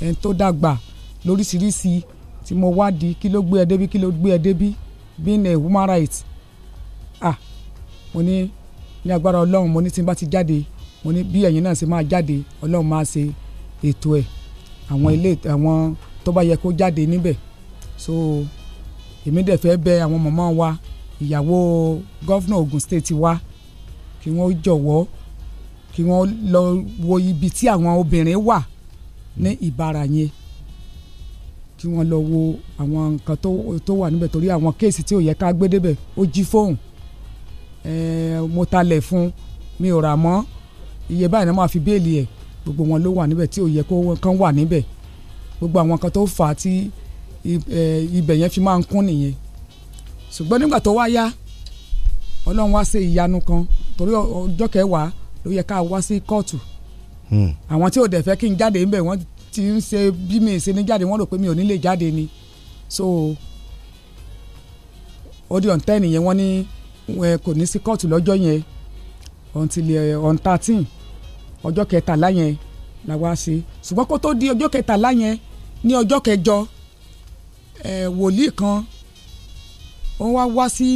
ẹni tó dàgbà lóríṣiríṣi tí mo wádìí kí ló gbé ẹ débí kí ló gbé ẹ débí being a human right ah mo ní ní agbára Ọlọ́run mo ní tí n bá ti jáde mo ní bí ẹ̀yin náà ṣe máa jáde ọlọ́run máa ṣe ètò ẹ̀ àwọn ilé àwọn tó bá yẹ kó jáde níbẹ̀ so èmi dẹ̀ fẹ́ bẹ àwọn màmá wa ìyàwó gọ́fúnà Ògùn state wa kí wọ́n jọ̀wọ́ kí wọ́n lọ wo ibi tí àwọn obìnrin wà ní ìbára yẹn kí wọ́n lọ wo àwọn nǹkan tó wà níbẹ̀ torí àwọn kéèsì tí ò yẹ ká gbé débẹ̀ ó jí fóun mo talẹ̀ fún mi ò rà mọ́ iye báyìí ni wọ́n fi béèlì ẹ̀ gbogbo wọn ló wà níbẹ̀ tí ò yẹ kó kán wà níbẹ̀ gbogbo àwọn kan tó fà á tí ibẹ̀ yẹn fi máa ń kún nìyẹn ṣùgbọ́n nígbà tó wá yá ọlọ́run wá ṣe ìyanu kan torí ọjọ́ kẹwàá ló yẹ ká wá sí kóòtù hmm. àwọn tí ò dẹ̀ fẹ́ kí n jáde ńbẹ̀ wọ́n ti ń ṣe bí mi ṣe ní jáde wọ́n rò pé mi ò ní lè jáde ni so odion ten yẹn wọ́n ní kò ní sí kóòtù lọ́jọ́ yẹn until eh, ọjọ́ kẹtàlá yẹn la wá sí ṣùgbọ́n kó tó di ọjọ́ kẹtàlá yẹn ní ọjọ́ kẹjọ ẹ̀ wòlíì kan wọ́n wá wá sí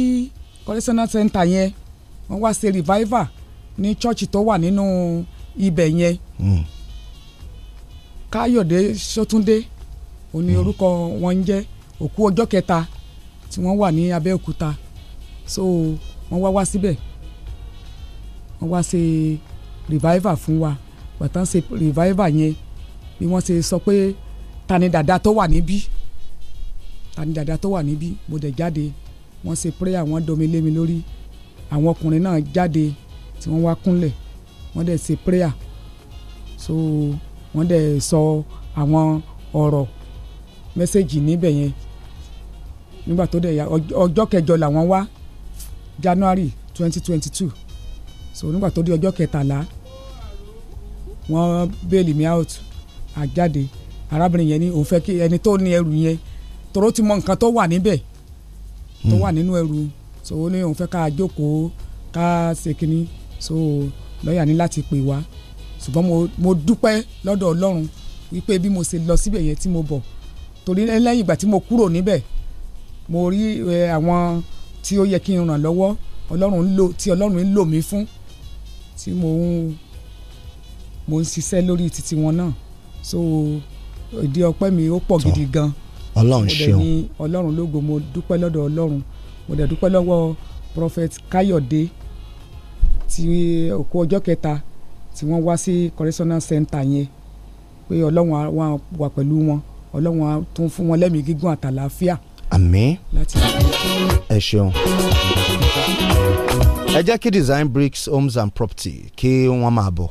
correctional center yẹn wọ́n wá ṣe revival ní chọ́ọ̀chì tó wà nínú ibẹ̀ yẹn hmm. káyọ̀dé sọ́túndé òní hmm. orúkọ wọn ń jẹ́ òkú ọjọ́ kẹta tí wọ́n wà ní abẹ́òkúta so wọ́n wá wá síbẹ̀ wọ́n wá ṣe revival fún wa bàtàn ṣe revival yẹn bí wọ́n ṣe sọ pé tani dada tó wà níbí tani dada tó wà níbí mo dẹ̀ jáde wọ́n ṣe prayer wọ́n domi lé mi lórí àwọn ọkùnrin náà jáde tí wọ́n wá kúnlẹ̀ wọ́n dẹ̀ ṣe prayer so wọ́n dẹ̀ sọ àwọn ọ̀rọ̀ mẹ́sẹ̀gì níbẹ̀ yẹn nígbà tó dẹ̀ yá ọjọ́ kẹjọ làwọn wá January twenty twenty two so nígbà tó di ọjọ́ kẹtàlá wọ́n bẹ́ẹ̀lì mi out àjáde arábìnrin yẹn ní òun fẹ́ kí ẹni tó ní ẹrù yẹn tòró ti mọ nǹkan tó wà níbẹ̀ tó wà hmm. nínú ẹrù so ó ní òun fẹ́ ká jókòó ká ṣe kínní so lọ́ọ̀yà ní láti pè wá ṣùgbọ́n mo dúpẹ́ lọ́dọ̀ ọlọ́run wípé bí mo ṣe lọ síbẹ̀ yẹn tí mo bọ̀ torí lẹ́yìn ìgbà tí mo kúrò níbẹ̀ mo rí àwọn tí ó yẹ kí n ràn lọ́wọ́ ọlọ́run ń lò tí ọlọ́run ń lò mí fún tí mo ń mo ń ṣiṣẹ́ lórí títí wọn náà so ìdí ọpẹ́ mi ó pọ̀ gidi gan ọlọ́run ṣeun mo dẹ̀ ní ọlọ́run lógo mo dúpẹ́ lọ́dọ̀ ọlọ́run mo dẹ̀ dúpẹ́ lọ́wọ́ prophet Kayode. ti òkú ọjọ́ kẹta tí wọ́n wá sí correctional center yẹn pé ọlọ́run wa wà pẹ̀lú wọn ọlọ́run tó ń fún wọn lẹ́mìí gígùn àtàlàáfíà. àmín ẹ ṣeun ẹ jẹ́ kí design bricks homes and property kí wọ́n máa bọ̀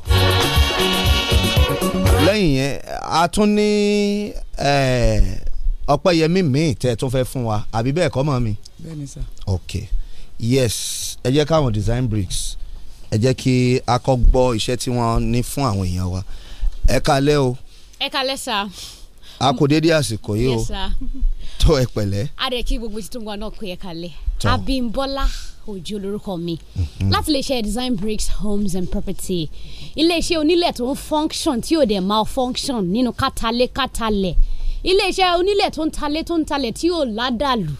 lẹ́yìn yẹn a tún ní eh, ọpẹ́yẹmí míì tẹ́ ẹ tún fẹ́ fún wa àbí bẹ́ẹ̀ kọ́ mọ́ mi. bẹ́ẹ̀ni sá. ok yes ẹ jẹ́ káwọn design bricks ẹ jẹ́ kí a kọ́ gbọ́ iṣẹ́ tí wọ́n ní fún àwọn èèyàn wa ẹ kalẹ́ o. ẹ kalẹ́ sá a kò dédé àsìkò yìí o *laughs* tó ẹ pẹ̀lẹ́. a rẹ̀ kí gbogbo títún wa náà kó yẹ kalẹ̀ Abímbọ́lá Òjó lórúkọ mi mhm. láti lè ṣe design bricks homes and property iléeṣẹ́ onílẹ̀ tó ń function tí ò dẹ̀ malfunction nínú kátàlẹ́ kátàlẹ̀ iléeṣẹ́ onílẹ̀ tó ń talẹ̀ tó ń talẹ̀ tí ò ládàlù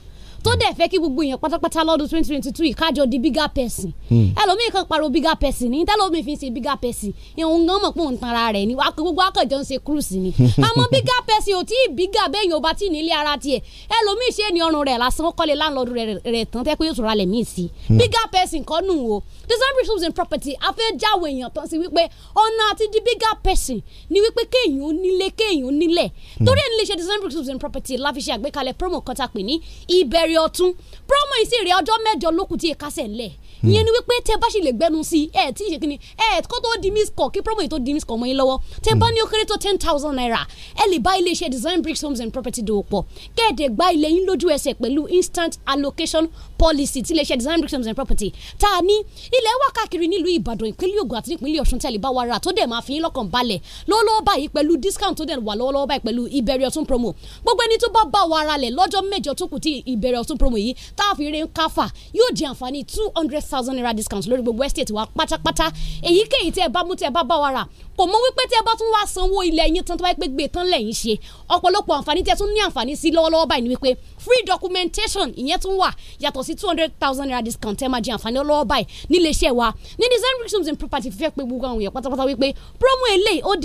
tó dẹ̀ fẹ́ kí gbogbo èèyàn pátápátá lọ́dún twenty twenty two ìkájọ di bigger person hmm. ẹlòmíì kan pariwo bigger person ní tẹ́lómi fi ń ṣe bigger person ìhun gan mọ̀ pé òun tanra rẹ̀ ni gbogbo akọ̀jọ́ ń ṣe cruise ni *laughs* àmọ́ bigger person ò tí ì bigger bẹ́ẹ̀ yóò bá tí ì nílé ara tiẹ̀ ẹlòmíì ṣe ni ọrùn rẹ̀ lásán kọ́lé láńlọ́ọ̀dù rẹ̀ tán tẹ́ pé yóò tún ralẹ̀ míì sí hmm. bigger person kọ́ nù o design resources and property afẹ́jáwé èèyàn tán sí wípé ọ̀nà àti di bigger person ni wípé kéèyàn onílé kéèyàn onílẹ̀ hmm. torí ẹni lè ṣe design resources and property la fi ṣe àgbékalẹ̀ promo kan ta pè ní ìbẹ̀rẹ̀ orí ọtún promo yìí sì rẹ ọjọ́ mẹ́jọ lókùn tí ìkásẹ̀ lẹ̀ hmm. ìyẹn ni wípé tẹ bá sì lè gbẹnu sí ẹ tí ì ṣe kíni ẹ kó tó di miss call kí promo yìí tó di miss call mọ́ yín lọ́wọ́ tẹ bá hmm. ní ó kéré tó ten thousand naira ẹ lè bá iléeṣẹ́ design bricks homes and property dòwò pọ̀ kẹ́ẹ̀dẹ̀ gba ilẹ̀ yín lójú ẹsẹ̀ pẹ̀lú instant allocation policy ti iléeṣẹ́ design bricks and property tá a ní ilẹ̀ wà káàkiri nílùú ìbàdàn ìpínlẹ̀ ògùn àti nípínlẹ̀ ọ̀ṣun tẹ́lẹ̀ bá wa ra tó dẹ̀ máa fi yín lọ́kàn balẹ̀ lọ́wọ́lọ́wọ́ báyìí pẹ̀lú discount tó dẹ̀ wà lọ́wọ́lọ́wọ́ báyìí pẹ̀lú ìbẹ̀rẹ̀ ọ̀tún promo gbogbo ẹni tó bá bá wa ra lẹ̀ lọ́jọ́ mẹ́jọ tó kù tí ìbẹ̀rẹ̀ ọ̀tún promo yìí tá a fi rí ń káfà yóò jẹ àǹfààní two hundred thousand naira discount lórí gbogbo estate wa pátápátá èyíkéyìí tí ẹ bá mú tí ẹ bá bá wa rà kò mọ wípé tí ẹ bá tún wá sanwó ilẹ̀ yín tán tó bá yẹ pé gbé e tán lẹ́yìn ṣe ọ̀pọ̀lọpọ̀ àǹfààní tí ẹ tún ní àǹfààní sí lọ́wọ́lọ́wọ́ báyìí ni wípé free documentation ìyẹn tún wà yàtọ̀ sí fi two hundred thousand naira discount ẹ máa jẹ àǹfààní ọlọ́wọ́ báyìí nílé iṣẹ́ wa ní design rituals and property fífẹ́ pé gbogbo àwọn èèyàn pátápátá wípé promo eléyìí odd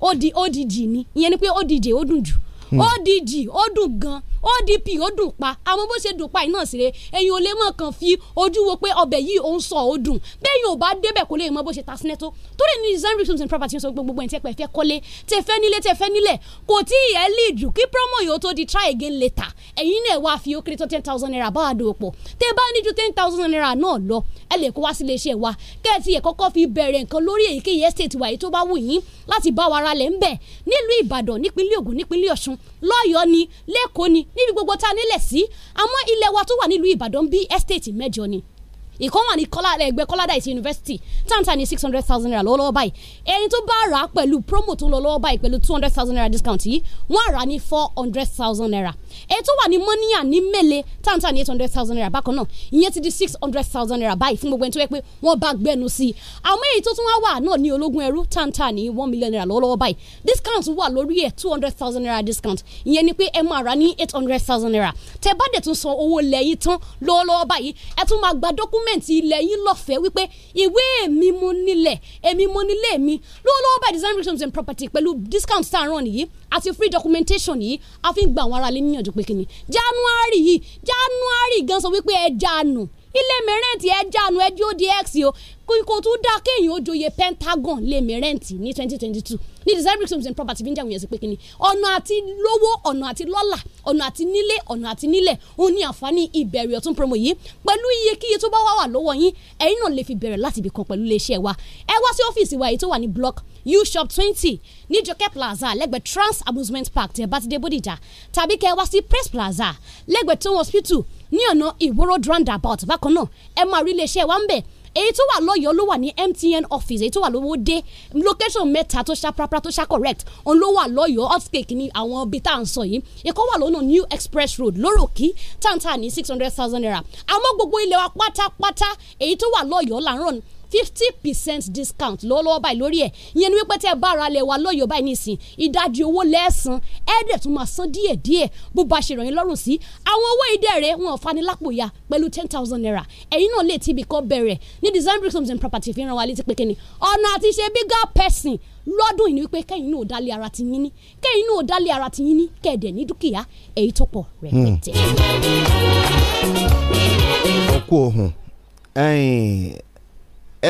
odp odd ni ìyẹn ni pé odd ó dùn jù odd hmm. ó dùn gan-an odp ó dùn pa àmọ́ bó ṣe dùn pa iná sí re ẹ̀yin ò lè mọ̀ kàn fi ojú wo pé ọbẹ̀ yìí ó ń sọ ó dùn bẹ́ẹ̀ yóò bá débẹ̀ kó lè mọ bó ṣe ta sinẹ́tò torí ní design rooms and property sọ gbogbo ẹ̀ tí ẹ pẹ̀ fẹ́ kọ́lé tẹ fẹ́ nílé tẹ fẹ́ nílẹ̀ kò tí ì ẹ́ lead kí promo yóò tó di try again later ẹ̀yin náà wá fi ó kéré tó ten thousand naira bá a dò pọ̀ tẹ bá ní ju ten thousand naira náà lọ ẹ lè kó wá sílé iṣẹ́ wa kẹ́ẹ̀tì ẹ̀ kọ́kọ́ fi bẹ̀rẹ̀ nǹkan lórí èyíkéyìí estate wa èyí tó bá wù yín láti bá wa ra lẹ̀ ń bẹ̀ nílùú Ìbàdàn nípínlẹ̀ Ògùn nípínlẹ̀ Ọ̀ṣun lọ́yọ̀ọ́ ni lẹ́kọ̀ọ́ ni níbi gbogbo ta nílẹ̀ sí àmọ́ ilẹ̀ wa tó wà nílùú Ìbàdàn bíi estate mẹ́jọ ni ìkan wà ní kọ́lá ẹgbẹ́ kọ́ládàísì yunifásitì táǹtà ní six hundred thousand naira lọ́wọ́lọ́wọ́ báyìí ẹni tó bá rà á pẹ̀lú promo tó ń lọ lọ́wọ́ báyìí pẹ̀lú two hundred thousand naira discount yìí wọ́n á rà á ní four hundred thousand naira èyí tó wà ní mọ́níyà ní mẹ́lẹ̀ táǹtà ní eight hundred thousand naira bákan náà ìyẹn ti di six hundred thousand naira báyìí fún gbogbo ẹni tó yẹ pé wọ́n bá gbẹ́nu sí i àmọ́ èyí tó tún wá wà náà ní ológun ẹrú táǹtà ní one million naira lọ́wọ́lọ́wọ́ báyìí discount wà lórí ẹ̀ two hundred thousand naira discount ìyẹn ni pé ẹ máa rà ní eight hundred thousand naira tẹ bá dẹ̀ tún san owó lẹ́yìn tán lọ́wọ́lọ́wọ́ báyìí ẹ tún máa gba dọ́kú gọ́ọ̀mẹ̀ntì ilẹ̀ yín lọ́fẹ̀ẹ́ wípé ìwé èmi mo nílẹ̀ èmi mo nílé mi lọ́wọ́lọ́wọ́ by design restrictions and property pẹ̀lú discount tá a ràn nìyí àti free documentation yìí a fi ń gba àwọn aráalé níyànjú pé kíni january yìí january gan sọ wípé ẹ jánu ilé mìíràn tí ẹ jánu ẹ jó di o kò tún dá kéèyàn ó joyè pentagon lè mí rẹ́ǹtì ní twenty twenty two ní the Cyber Homes and Property fi ń jẹ́ àwọn èèyàn sí pé kíni ọ̀nà àti lówó ọ̀nà àti lọ́là ọ̀nà àti nílé ọ̀nà àti nílẹ̀ ó ní àǹfààní ìbẹ̀rẹ̀ ọ̀tún promo yìí pẹ̀lú iyekíye tó bá wà wà lọ́wọ́ yín ẹ̀yin náà lè fi bẹ̀rẹ̀ láti ibì kan pẹ̀lú iléeṣẹ́ wa ẹ wá sí ọ́fíìsì wa èyí tó wà ní block u shop twenty ní Jọkẹ́ plaza lẹ́gbẹ̀ẹ́ trans amusement park tẹ̀ bá ti dé Bódìjà tàbí kẹ́ ẹ wá sí press plaza lẹ́gbẹ̀ẹ́ town hospital ní ọ̀nà ìwòrò roundabout bákan náà ẹ máa rí iléeṣẹ́ wa ń bẹ̀ èyí tó wà lọ́yọ̀ọ́ ló wà ní MTN office èyí tó wà lówó dé location mẹ́ta tó ṣá prapra tó ṣá correct òun ló wà lọ́yọ̀ọ́ offcake ní àwọn ibi tá à ń sọ yìí ẹ̀kọ́ wà lọ́nà New Express Road lóròkì táǹtà ní six hundred thousand naira àmọ́ gbogbo ilẹ̀ wa pátápátá èyí tó wà lọ́yọ̀ọ́ là ń rọ̀ fifty percent discount lọ́wọ́lọ́wọ́ báyìí lórí ẹ̀ ìyẹn ni wípé tẹ́ ẹ bá ara lẹ̀ wá lóyò báyìí nísìn ìdajì owó lẹ́ẹ̀sán ẹ̀ẹ́dẹ̀ tún máa san díẹ̀ díẹ̀ bó ba ṣe ràn yín lọ́rùn sí àwọn owó ìdẹ̀rẹ̀ wọn ò fani lápò ya pẹ̀lú ten thousand naira ẹ̀yin náà lè ti ibì kan bẹ̀rẹ̀ ní design bricks homes and property fi ràn wá létí pé kíni ọ̀nà àti ṣe bigger person lọ́dún yìí ni wípé kẹ́yìn náà ò dálé ara ti yín ní kẹ́yìn náà ò dálé ara ti yín ní kẹ́ẹ̀dẹ̀ ní dúkìá èyí tó pọ̀ rẹpẹtẹ. ọkọ hmm. ohun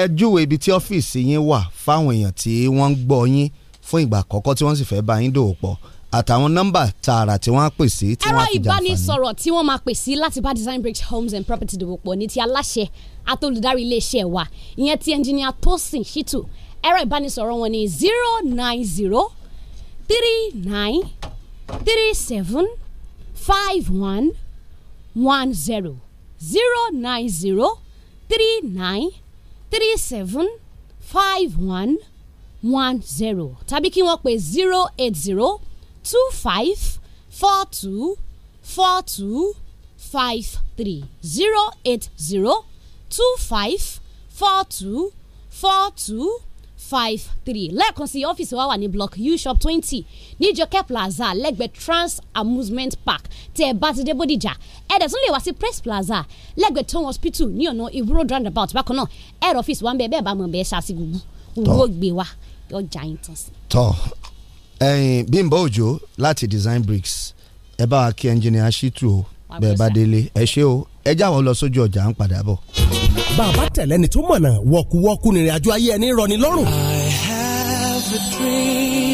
ẹ júwe ibi tí ọ́fíìsì yín wà fáwọn èèyàn tí wọ́n ń gbọ́ yín fún ìgbà àkọ́kọ́ tí wọ́n sì fẹ́ bá yín dòwò pọ̀ àtàwọn nọ́mbà tààrà tí wọ́n á pè sí. ẹ̀rọ ìbánisọ̀rọ̀ tí wọ́n máa pè láti bá Design Bricks Homes and Property dòwò ní ti aláṣẹ àtolùdarí iléeṣẹ́ wa ìyẹn ti ẹnjìnìà Tosin Shitu ẹ̀rọ ìbánisọ̀rọ̀ wọn ni zero nine zero three nine three seven five one one zero zero nine zero three nine three seven five one one zero tàbí kí wọ́n pè zero eight zero two five four two four two five three zero eight zero two five four two four two five three lẹ́ẹ̀kan sí ọ́fíìsì wa wà ní block u shop twenty ní Jọkẹ́ plaza lẹ́gbẹ̀ẹ́ trans amusement park tẹ́ ẹ bá ti dé Bódìjà ẹ dẹ̀ tún lè wá sí press plaza lẹ́gbẹ̀ẹ́ town hospital ní ọ̀nà Iwo Road roundabout bákan náà ẹ̀rọ ọ́fíìsì wa ń bẹ bẹ́ẹ̀ bá mọ̀ bẹ́ẹ̀ ṣáà sí gbogbo owó gbé wa ọjà yín tán sí. tọ ẹyin Bímbọ́ Òjó láti design bricks ẹ bá wa kí ẹnjìnìà Ṣítù o bẹ́ẹ̀ bá délé ẹ ṣé o ẹ jáwọ́ lọ sójú ọjà ń padà bọ̀ bàbá tẹ̀lẹ́ni tó mọ̀nà wọ̀kúwọ́kú nírìn ayé ẹni rọni lọ́rùn. I have a dream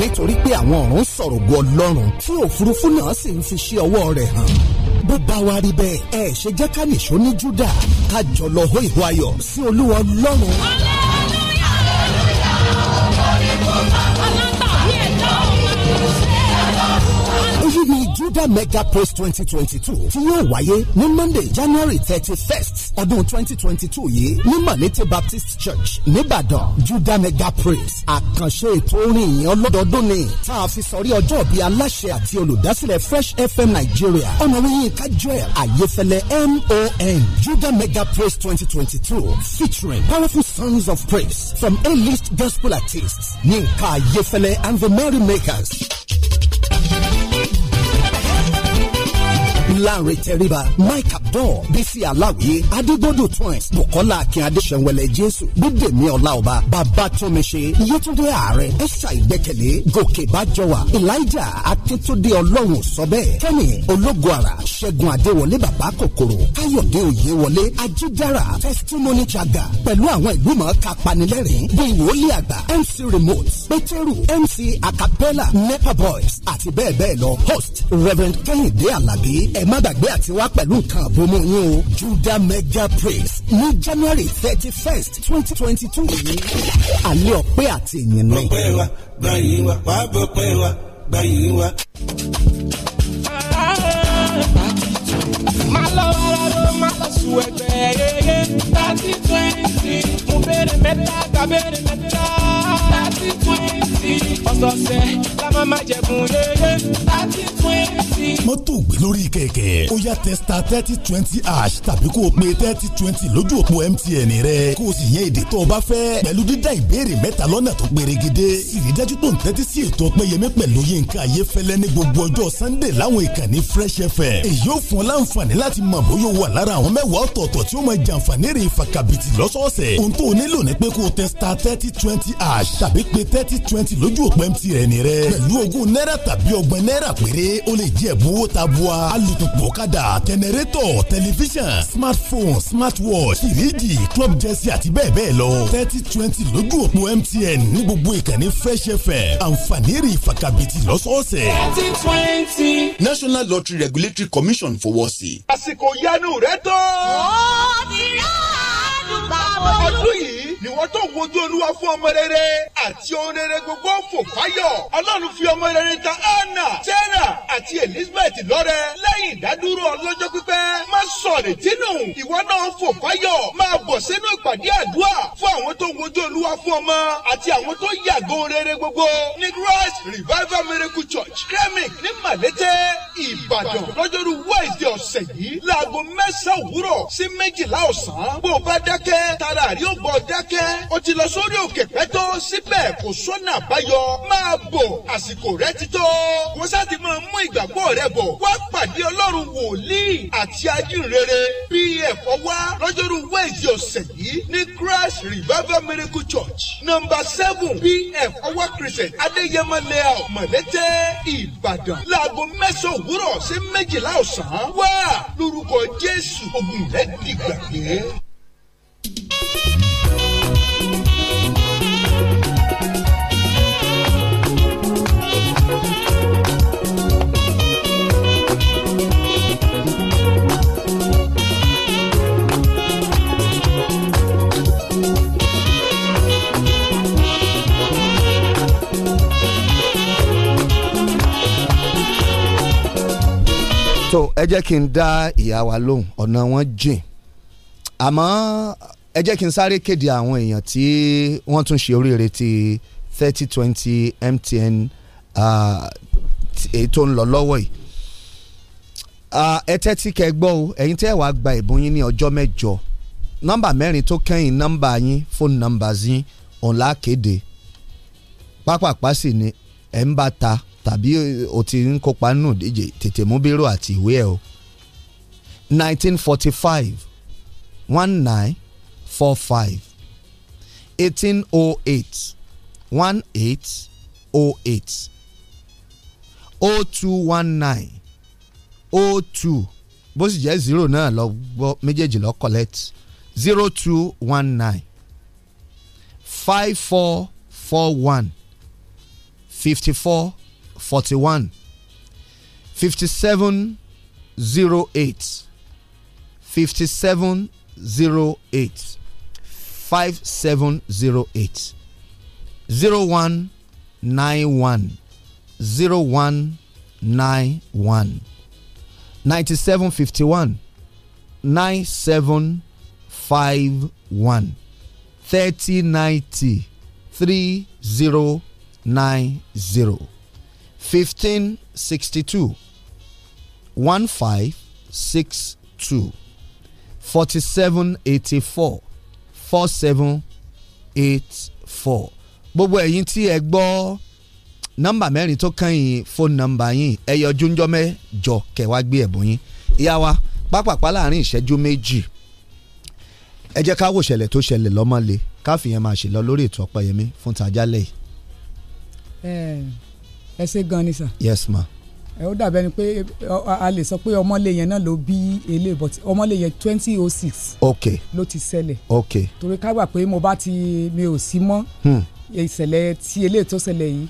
nítorí pé àwọn ọ̀run sọ̀rọ̀ bu ọlọ́run tí òfurufú náà sì ń fi ṣe ọwọ́ rẹ̀ hàn bó bá wa rí bẹ́ẹ̀ ẹ ṣe jẹ́ ká nìṣó ní júdà ká jọ lọ hó ìhó ayọ̀ sí olúwa ọlọ́run Yoda Mega Post 2022. twenty two tí yóò wáyé ní Monday January 31st, ọdún twenty twenty two yìí ní Manete Baptist Church nìbàdàn Juda Mega Praise àkànṣe ètò orin ìyẹn ọlọ́dọọdún ni tá a fi sọrí ọjọ́ bíi aláṣẹ àti olùdásílẹ̀ Fresh FM Nigeria ọ̀nàwé Yinka Joel Ayefẹlẹ MON Juda Mega Praise 2022, featuring powerful songs of praise from A-list gospel artists Ninka Ayefẹlẹ and the Makers. Lanre Tẹríba Mike Abdul Bisi Alawi Adigbodun Twins Bukola Akin Adesanwẹlẹ Jésù Bídèmí Ọláọba Babatunmise Yetunde Ààrẹ Ẹ̀ṣà Ìgbẹ́kẹ̀lé Gòkè Bájọwà Elijah Akíntúndé Ọlọ́run Sọ́bẹ̀ Kẹ́mi Ológunara Ṣẹ́gun Adéwọlé Bàbá Kòkòrò Káyọ̀dé Oyèwọlé Ajídára Testimony Chaga pẹ̀lú àwọn ìlú mọ̀ọ́ká apanilẹ́rìn bíi Wòlíì Àgbà MC Remote Pétérù MC Acapella Nepa Boys àti bẹ́ẹ̀ bẹ́ẹ̀ lọ host Reverend Kẹ́hìndé Àlàbí ẹ̀m má gbàgbé àti wá pẹ̀lú nǹkan àbomú yín o Judah mega praise ní January thirty first twenty twenty two yìí àlẹ́ ọ̀pẹ àti ìyìn náà. ọpẹ́ wa gbayin wa wàá bọ̀ pẹ́ wa gbayin wa. máa lọ ara ló máa lọ sùn ẹgbẹ́ yẹ́yẹ́ thirty twenty mo béèrè mẹ́ta gba mẹ́ta ọ̀sọ̀ọ̀sẹ̀ la máa ma jẹ̀bùn rere láti pín in mọ́tò gbé lórí kẹ̀kẹ́ ó yá testa thirty twenty ash tàbí kó o pe thirty twenty lójú òpó mtn rẹ kó o sì yẹn èdè tó o bá fẹ́ pẹ̀lú dídá ìbéèrè mẹ́ta lọ́nà tó pérégedé ìrídájú tó ń tẹ́tí sí ètò ọpẹ́yẹmí pẹ̀lú yínká ayéfẹ́lẹ́ ní gbogbo ọjọ́ sunday láwọn ìkànnì fresh fm èyí ó fún ọ láǹfààní láti mọ bóyá o wà lára àwọn mẹ́wàá ọ̀tọ̀ọ̀tọ̀ tí ó máa jàǹfààní rè fàkàbìtì lọ́sọ̀ọ̀sẹ̀ ohun tó o nílò ni pé kó o testa thirty twenty ash tàbí pe thirty twenty lójú òpó ọ̀pọ̀ MT rẹ̀ ní rẹ̀ pẹ̀lú ogún náírà tàbí ọgbọ̀n náírà péré ó lè jẹ́ ẹ̀bùwó ta bua alùpùpù ọ̀kadà jẹnẹrétọ̀ tẹlifíṣàn smartphone smartwatch fìríjì club jẹ́sí àti bẹ́ẹ̀ bẹ́ẹ̀ lọ thirty twenty lójú òpó MTN ní gbogbo ìkànnì Fresh FM àǹfààní rí ìfakabìtì lọ́sọ̀ọ̀sẹ̀. thirty twenty. National Lottery Regulatory Commission fowọ́ sí. àsìkò yanu rẹ tó. ó ti rà ọdún yìí ni wọ́n tó wojú olúwa fún ọmọ rere àti ohun gbogbo fò ọlọ́run fi ọmọ rere ta anna sarah àti elizabeth lọ́rẹ lẹ́yìn ìdádúró ọlọ́jọ́ pípẹ́ má sọ̀rètí nù ìwọ náà fò fáyọ̀ máa bọ̀ sínú ìpàdé àdúrà fún àwọn tó wojú olúwa fún ọmọ àti àwọn tó yàgò rere gbogbo ní christ revival miracle church kremik ní malete ìbàdàn lọ́jọ́rú wednesday ọ̀sẹ̀ yìí láago mẹ́sàn-án òwúrọ̀ sí méjìlá ọ̀sán bó bá dá dákẹ́ tara rí ó gbọ́ dákẹ́ ó ti lọ sórí òkè pẹ́ tó síbẹ̀ kò sọ́nà àbáyọ máa bọ̀ àsìkò rẹ ti tó wọ́n sá ti máa mú ìgbàgbọ́ rẹ bọ̀ wá pàdé ọlọ́run wòlíì àti ajínrere pf ọwá lọ́jọ́rú wẹ́ẹ̀sì ọ̀sẹ̀ yìí ní christ revival miracle church number seven pf ọwá christian adéyẹmọ layout mọ̀lẹ́tẹ̀ ìbàdàn láago mẹ́sàn-án òwúrọ̀ sí méjìlá ọ̀sán wá lórúkọ jésù ogun rẹ dìgbà yẹn so ẹ jẹ́ kí n dá ìyá wa lóhùn ọ̀nà wọn jìn àmọ́ ẹ jẹ́ kí n sáré kéde àwọn èèyàn tí wọ́n tún ṣe oríire ti thirty twenty MTN èyí tó ń lọ lọ́wọ́ yìí ẹ tẹ́tí kẹ́ gbọ́ o ẹ̀yin tẹ́ wàá gba ìbọn yín ní ọjọ́ mẹ́jọ nọ́mbà mẹ́rin tó kẹ́yìn nọ́mbà yín fóònù nọ́mbà yín òun là á kéde pápápá sì ni ẹ̀ ń bá ta tàbí o ti ń kópa nù díje tètè mú bírò àti ìwé ẹ̀ o nineteen forty five one nine four five eighteen oh eight one eight oh eight oh two one nine oh two bó sì jẹ́ zero náà lọ gbọ́ méjèèjì lọ collect zero two one nine five four four one fifty four forty one fifty seven zero eight fifty seven zero eight 5708 0191 9751 9751 3090 1562 1562 4784 four seven eight four gbogbo ẹ̀yin tí ẹ gbọ́ nọ́mbà mẹ́rin tó kàn yín fóònù nọ́mbà yín ẹ yọjú ńjọ́ mẹ́jọ kẹwàá gbé ẹ̀bùn yín ìyá wa pápápá láàrin ìṣẹ́jú méjì ẹ jẹ́ ká wò ṣẹlẹ̀ tó ṣẹlẹ̀ lọ́mọ́lé káfíyàn máa ṣe lọ lórí ètò ọ̀pẹ̀yẹmí fún tajálẹ̀ yìí. ẹ ẹ ṣe gan ni sà. yes ma ó dàbí ẹni pé a lè sọ pé ọmọlé yẹn náà ló bí eléyìí but ọmọlé twenty oh six ló ti ṣẹlẹ̀ torí ká gbà pé mo bá ti mi ò sí mọ́ hmm. ìṣẹ̀lẹ̀ tí eléyìí tó ṣẹlẹ̀ yìí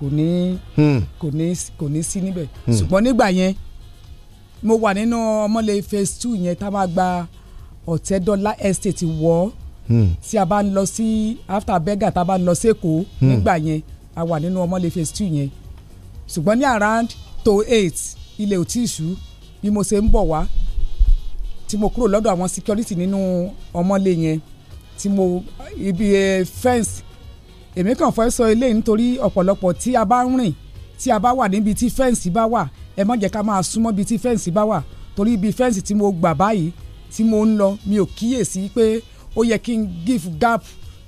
kò ní hmm. kò ní kò ní sí níbẹ̀ hmm. ṣùgbọ́n nígbà yẹn mo wà nínú ọmọlé phase two yẹn tá a máa gba ọ̀tẹ́dọ́lá estate wọ̀ tí a bá ń lọ sí after bega tá a bá ń lọ sí èkó nígbà yẹn a wà nínú ọmọlé phase two yẹn ṣùgbọ́n ní around to eight ilẹ̀ ò tí ì ṣú bí mo ṣe ń bọ̀ wá tí mo kúrò lọ́dọ̀ àwọn security nínú ọmọlé yẹn tí mo ibi fence èmi kàn fẹ́ sọ eléyìí nítorí ọ̀pọ̀lọpọ̀ tí a bá ń rìn tí a bá wà níbi tí fẹ́ǹsì bá wà ẹ má jẹ́ ká máa súnmọ́ ibi tí fẹ́ǹsì bá wà torí ibi fẹ́ǹsì tí mo gbà báyìí tí mo ń lọ mi ò kíyèsí pé ó yẹ kí n give gap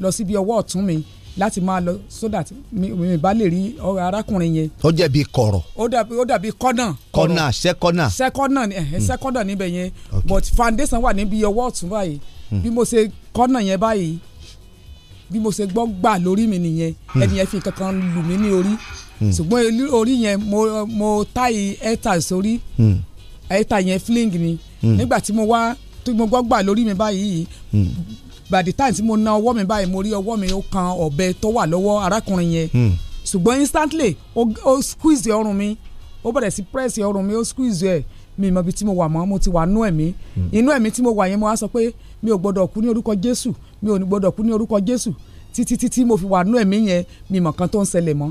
lọ síbi ọwọ́ ọ̀tún mi láti máa lọ so that mi mi bá lè rí ọ̀rọ̀ arákùnrin yẹn. ó jẹ́ bí kọ̀rọ̀. ó dàbí ó dàbí kọ́nà. kọ́nà sẹ́kọ́nà. sẹ́kọ́nà sẹ́kọ́nà hmm. níbẹ̀ yẹn but foundation wà níbi ọwọ́ ọ̀tún báyìí hmm. bí mo ṣe kọ́nà yẹn báyìí bí mo ṣe gbọ́ gbà lórí mi nìyẹn hmm. ẹni yẹn fi kankan lù mí ní orí ṣùgbọ́n orí yẹn mo mo táyì ẹ̀ta sórí ẹ̀ta yẹn fling ni nígbà tí mo wá tí mo gbọ́ gbà lórí mi báyìí by the time tí mo na ọwọ́ mi báyìí mo rí ọwọ́ mi ó kan ọ̀bẹ tó wà lọ́wọ́ arákùnrin yẹn hmm. ṣùgbọ́n instantly ó squeeze ọrùn mi ó bẹ̀rẹ̀ sí press ọrùn mi ó squeeze ẹ̀ mi mọ ibi tí mo wà mọ́ mo ti wà nú ẹ̀mí hmm. inú ẹ̀mí tí mo wà yẹn mo wá sọ pé mi ò gbọ́dọ̀ kú ní orúkọ Jésù mi ò ní gbọ́dọ̀ kú ní orúkọ Jésù títí títí mo fi wà nú ẹ̀mí yẹn mi mọ̀ kan tó ń ṣẹlẹ̀ mọ́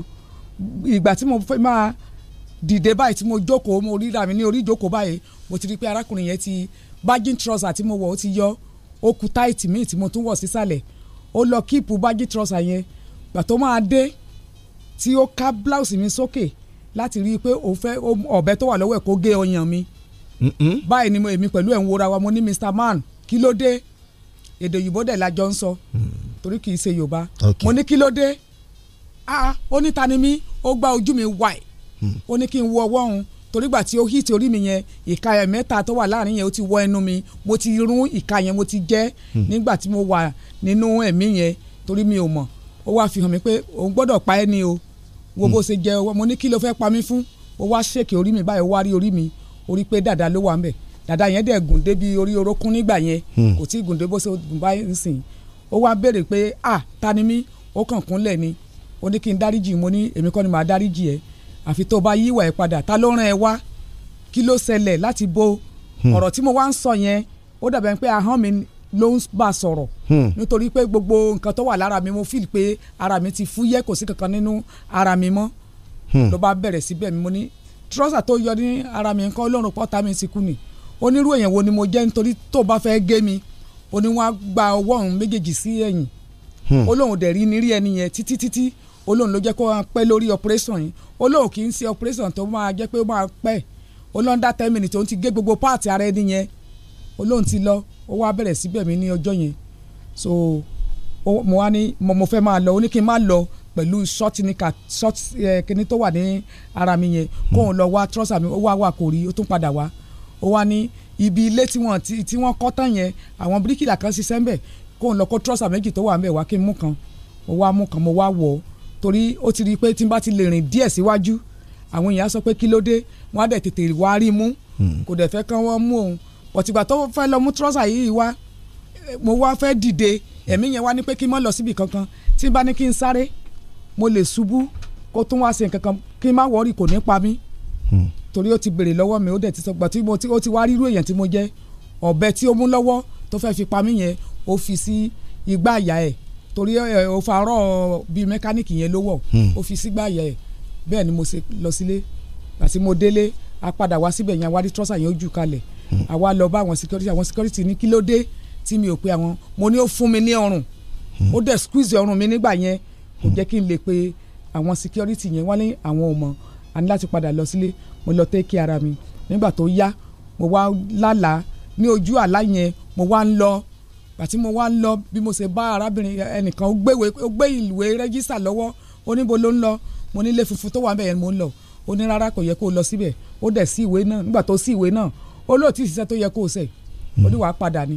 ìgbà tí mo fẹ́ máa dìde báyìí tí mo jókòó mo ríra mi ní orí ìjókòó báyìí mo ti rí i pé arákùnrin yẹn ti bágin trouser tí mo wọ̀ ó ti yọ ó ku táìtì míì tí mo tún wọ̀ sísàlẹ̀ ó lọ kíìpù bájí trọ́sà yẹn gbà tó máa dé tí ó ká blouse mi sókè láti rí i pé òun fẹ́ ọ̀bẹ tó wà lọ́wọ́ ẹ̀ kó gé ọyàn mi báyìí ni èmi pẹ̀lú ẹ̀ ń wora wa mo ní Mr Man kí ló dé èdè òyìnbó dẹ̀ la jọ ń sọ torí kì í ṣe Yorùbá mo ní kí ló dé ah ó ní ta ni mí ó gba ojú mi wáì hmm. ó ní kí n wo ọwọ́ òun torígbà tí ó hit orí mi yẹn ìka ẹ̀ mẹ́ta tó wà láàrin yẹn ó ti wọ ẹnu mi mo ti rún ìka yẹn mo ti jẹ́ hmm. nígbà tí mo wà nínú ẹ̀mí yẹn torí mi ò mọ̀ ó wá fi hàn mí pé òun gbọ́dọ̀ pa ẹ́ ni o wo hmm. bó ṣe jẹ mo ní kí ló fẹ́ pa mí fún ó wá ṣèkè orí mi báyìí ó wá rí orí mi orí pé dàda ló wà ń bẹ̀ dàda yẹn dẹ̀ gùn débi orí orókún nígbà yẹn hmm. kò tí ì gùn dé bó ṣe gùn báyìí nsìn ó wá béèrè pé ah ta ni mí ó kàn kúnlẹ̀ ni ó ní kí n dáríjì mo ní èmi kọ́ ni màá dáríjì ẹ́ àfi tó bá yíwà ẹ̀ padà ta ló rán ẹ wá kí ló ṣẹlẹ̀ láti bo hmm. ọ̀rọ̀ tí mo wá ń sọ yẹn ó dàbẹ̀ pé ahọ́n mi ló ń bá sọ̀rọ̀ hmm. nítorí pé gbogbo nǹkan tó wà lára mi mo feel pé ara mi ti fúyẹ́ kò sí kankan nínú ara mi mọ́ hmm. ló bá bẹ̀rẹ̀ síbẹ̀ mi mo ní trọ́sà tó yọ ní ara mi nǹkan ọlọ́run pọ́ta mi ti kú ni onírú èèyàn wo ni mo jẹ́ nítorí tó bá fẹ́ gé mi ó ní wọ́n á gba ọwọ́ òun méjèèjì sí ẹ̀yìn olóhùn dẹ̀ rí ẹni yẹn títí olóhùn ló jẹ́ kó máa pẹ́ lórí operation yìí olóhùn kì í ṣe operation tó máa jẹ́ pé ó máa pẹ́ olóhùn dá ten minutes òun ti gé gbogbo páàtì ara ẹni yẹn olóhùn ti lọ ó wá bẹ̀rẹ̀ síbẹ̀ mí ní ọjọ́ yẹn so mo wá ní mo fẹ́ máa lọ ó ní kí n má lọ pẹ̀lú ṣọ́ọ̀tì ní ká ṣọ́ọ̀tì kíní tó wà ní ara mi yẹn kóun lọ wá trọ́sà mi ó wá wà kò rí ó tún padà wá ó wá ní ibi ilé tí wọ́n tí wọ́n kọ́ tán yẹn àwọn bíríkìlà kan ṣiṣẹ́ ń bẹ̀ kóun lọ kó trọ́sà méjì tó wà ń bẹ̀ wá kí n mú kan mo wá mú kan mo wá wọ̀ ọ́ torí ó ti rí i pé tí n bá ti lè rìn díẹ̀ síwájú àwọn èèyàn sọ pé kí ló dé wọn á dẹ̀ tètè wá rí mú hmm. kò dẹ̀ fẹ́ kán wọ́n mú òun ọ̀tìgbà tó fẹ́ lọ mú trọ́sà yìí wá eh, mo wá fẹ́ dìde ẹ̀mí yẹn wá ní pé kí n má lọ síbi kankan tí n bá ní kí n sáré mo lè ṣubú kó tún wá ṣe nǹkan kí n má wọ́ọ̀rì kò ní pa mí hmm. torí ó ti béèrè lọ́wọ́ mi ó dẹ̀ ti sọ gbà ó ti wá rírú èèyàn tí mo jẹ́ ọ̀bẹ tí ó mú lọ́wọ́ tó fẹ́ fi pa mí yẹn ó fi sí igbá àyà ẹ̀ torí ó farọ́ bíi mẹkáníìkì yẹn ló wọ̀ hmm. ó fi sígbà yẹ bẹ́ẹ̀ ni mo ṣe lọ sílé àti mo délé a padà wá síbẹ̀ yẹn àwa rí trọ́sà yẹn ó jù kalẹ̀ àwa hmm. lọ bá àwọn security àwọn security ní kí ló dé tí mi ò pe àwọn mo ní ó fún mi ní ọrùn hmm. ó dẹ̀ squeeze ọrùn mi nígbà yẹn kò jẹ́ kí n lè pe àwọn security yẹn wọ́n ní àwọn ò mọ̀ a ní láti padà lọ sílé mo lọ tẹ́kí ara mi nígbà tó yá mo wá lálàá ní ojú àlá yẹn mo wá ń lọ pàtí mo wá ń lọ bí mo ṣe bá arábìnrin ẹnìkan ó gbé ìwé rẹ́gísà lọ́wọ́ oníbo ló ń lọ mo nílé funfun tó wà bẹ́ẹ̀ ni mo ń lọ ó ní rárá kò yẹ kó lọ síbẹ̀ ó dẹ̀ sí ìwé náà nígbà tó sí ìwé náà ó lóòótì ìṣiṣẹ́ tó yẹ kó ṣe ó ní hmm. wàá padà ni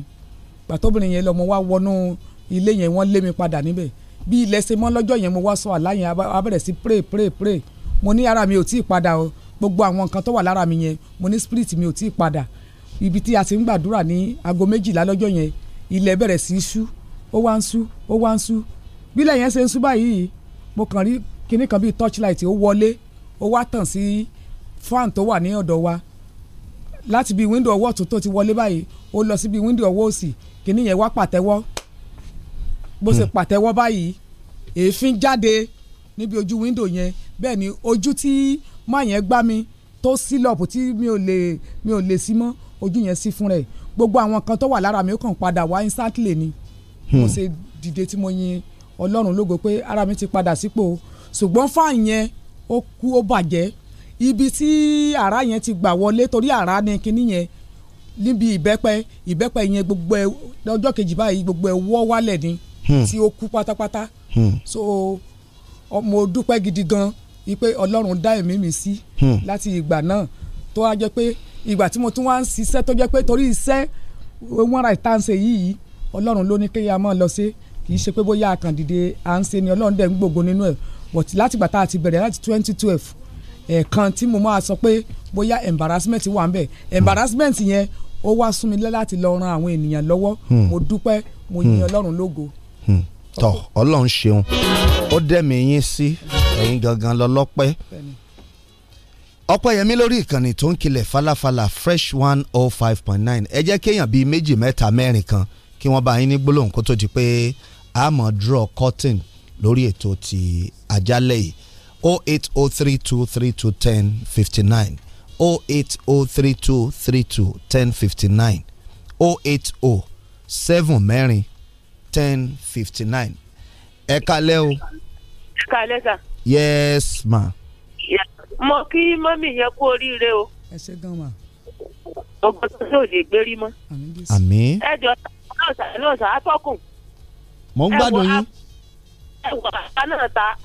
pàtóbìnrin yẹn lọ mo wá wọnú ilé yẹn wọ́n lé mi padà níbẹ̀ bí ilẹ̀ ṣe mọ́ lọ́jọ́ yẹn mo wá sọ àlá yẹn a bẹ̀rẹ̀ sí pray pray pray mo ní ara mi ò tí ì padà o gbogbo àwọn nǹkan tó wà lára mi yẹn mo ní spirit mi ò tí ì padà ibi tí a ti ń gbàdúrà ní aago méjìlá lọ́jọ́ yẹn ilẹ̀ bẹ̀rẹ̀ sí í ṣú ó wá ń ṣú ó wá ń ṣú bílẹ̀ yẹn ṣe ń ṣú báyìí mo kàn rí kinní kan bíi torchlight ó wọlé ó wá tàn sí fan tó wà ní ọ̀dọ̀ wa láti bíi window ọwọ́ ọ̀tún tó ti wọlé báyìí ó lọ sí bíi wíńdò ọwọ́ òsì kinní yẹn wá pàtẹ́wọ́ bó ṣe hmm. pàtẹ́wọ́ báyìí èéfín jáde níbi ojú wíńdò yẹn bẹ́ẹ̀ ni ojú tí máa yẹn gbá mi tó sílọ̀pù tí mi ò lè mi ò lè sí mọ́ ojú yẹn sí fún rẹ̀ gbogbo àwọn kan tó wà lára mi ó kàn padà wá instantly ni mo hmm. ṣe dìde tí mo yin ọlọ́run lógo pé ara mi ti padà sípò ṣùgbọ́n fáàn yẹn ó kú ó bàjẹ́ ibi tí àrá yẹn ti gbà wọlé torí àrá ni kinní yẹn níbi ìbẹ́pẹ ìbẹ́pẹ yẹn gbogbo ẹ kejì báyìí gbogbo ẹ wálẹ̀ ni hmm. tí ó kú pátápátá hmm. so mo dúpẹ́ gidi gan-an pé ọlọ́run dá ẹ̀mí mi sí láti ìgbà náà tó wá jẹ́ pé ìgbà tí mo tún wá ń ṣiṣẹ́ tó jẹ́ pé torí iṣẹ́ wọn ra ìta ń ṣe yìí ọlọ́run ló ní kí a máa lọ sí kì í ṣe pé bóyá àkàndìde à ń ṣe ni ọlọ́run dẹ̀ ń gbògun nínú ẹ̀ but láti gbà tá a ti bẹ̀rẹ̀ láti twenty twelve ẹ̀ẹ̀kan tí mo máa sọ pé bóyá embarrassment wà ń bẹ̀ embarrassment yẹn ó wá sún mi láti lọ ran àwọn ènìyàn lọ́wọ́ hmm. mo dúpẹ́ mo hmm. yin ọlọ́run lógo. Hmm. tọ ọlọ́run ṣeun ó dẹ̀ mí yín sí ẹ̀yin gangan lọ́lọ́pẹ́ ọpẹ́yẹmí lórí ìkànnì tó ń kilẹ̀ falafala fresh one oh five point nine ẹ jẹ́ kéèyàn bíi méjì mẹ́ta mẹ́rin kan kí wọ́n bá yín ní gbólóhùn kó tó di pé àmọ́ draw curtain lórí ètò ti àjálẹ̀ yìí oh eight oh three two three two ten fifty nine oh eight oh three two three two ten fifty nine oh eight oh seven mẹ́rin ten fifty nine ẹ kalẹ́ o. kalẹ́ sà. yes ma. yes mo kí mọ́mì yẹn kú oríire o. ẹ ṣe gan ma. ọgbọ́n tó ṣe ò lè gbérí mọ́. àmín. ẹ jọ náà sàtọ́kùn. mo ń gbádùn yín. ẹ wọ àtà náà ta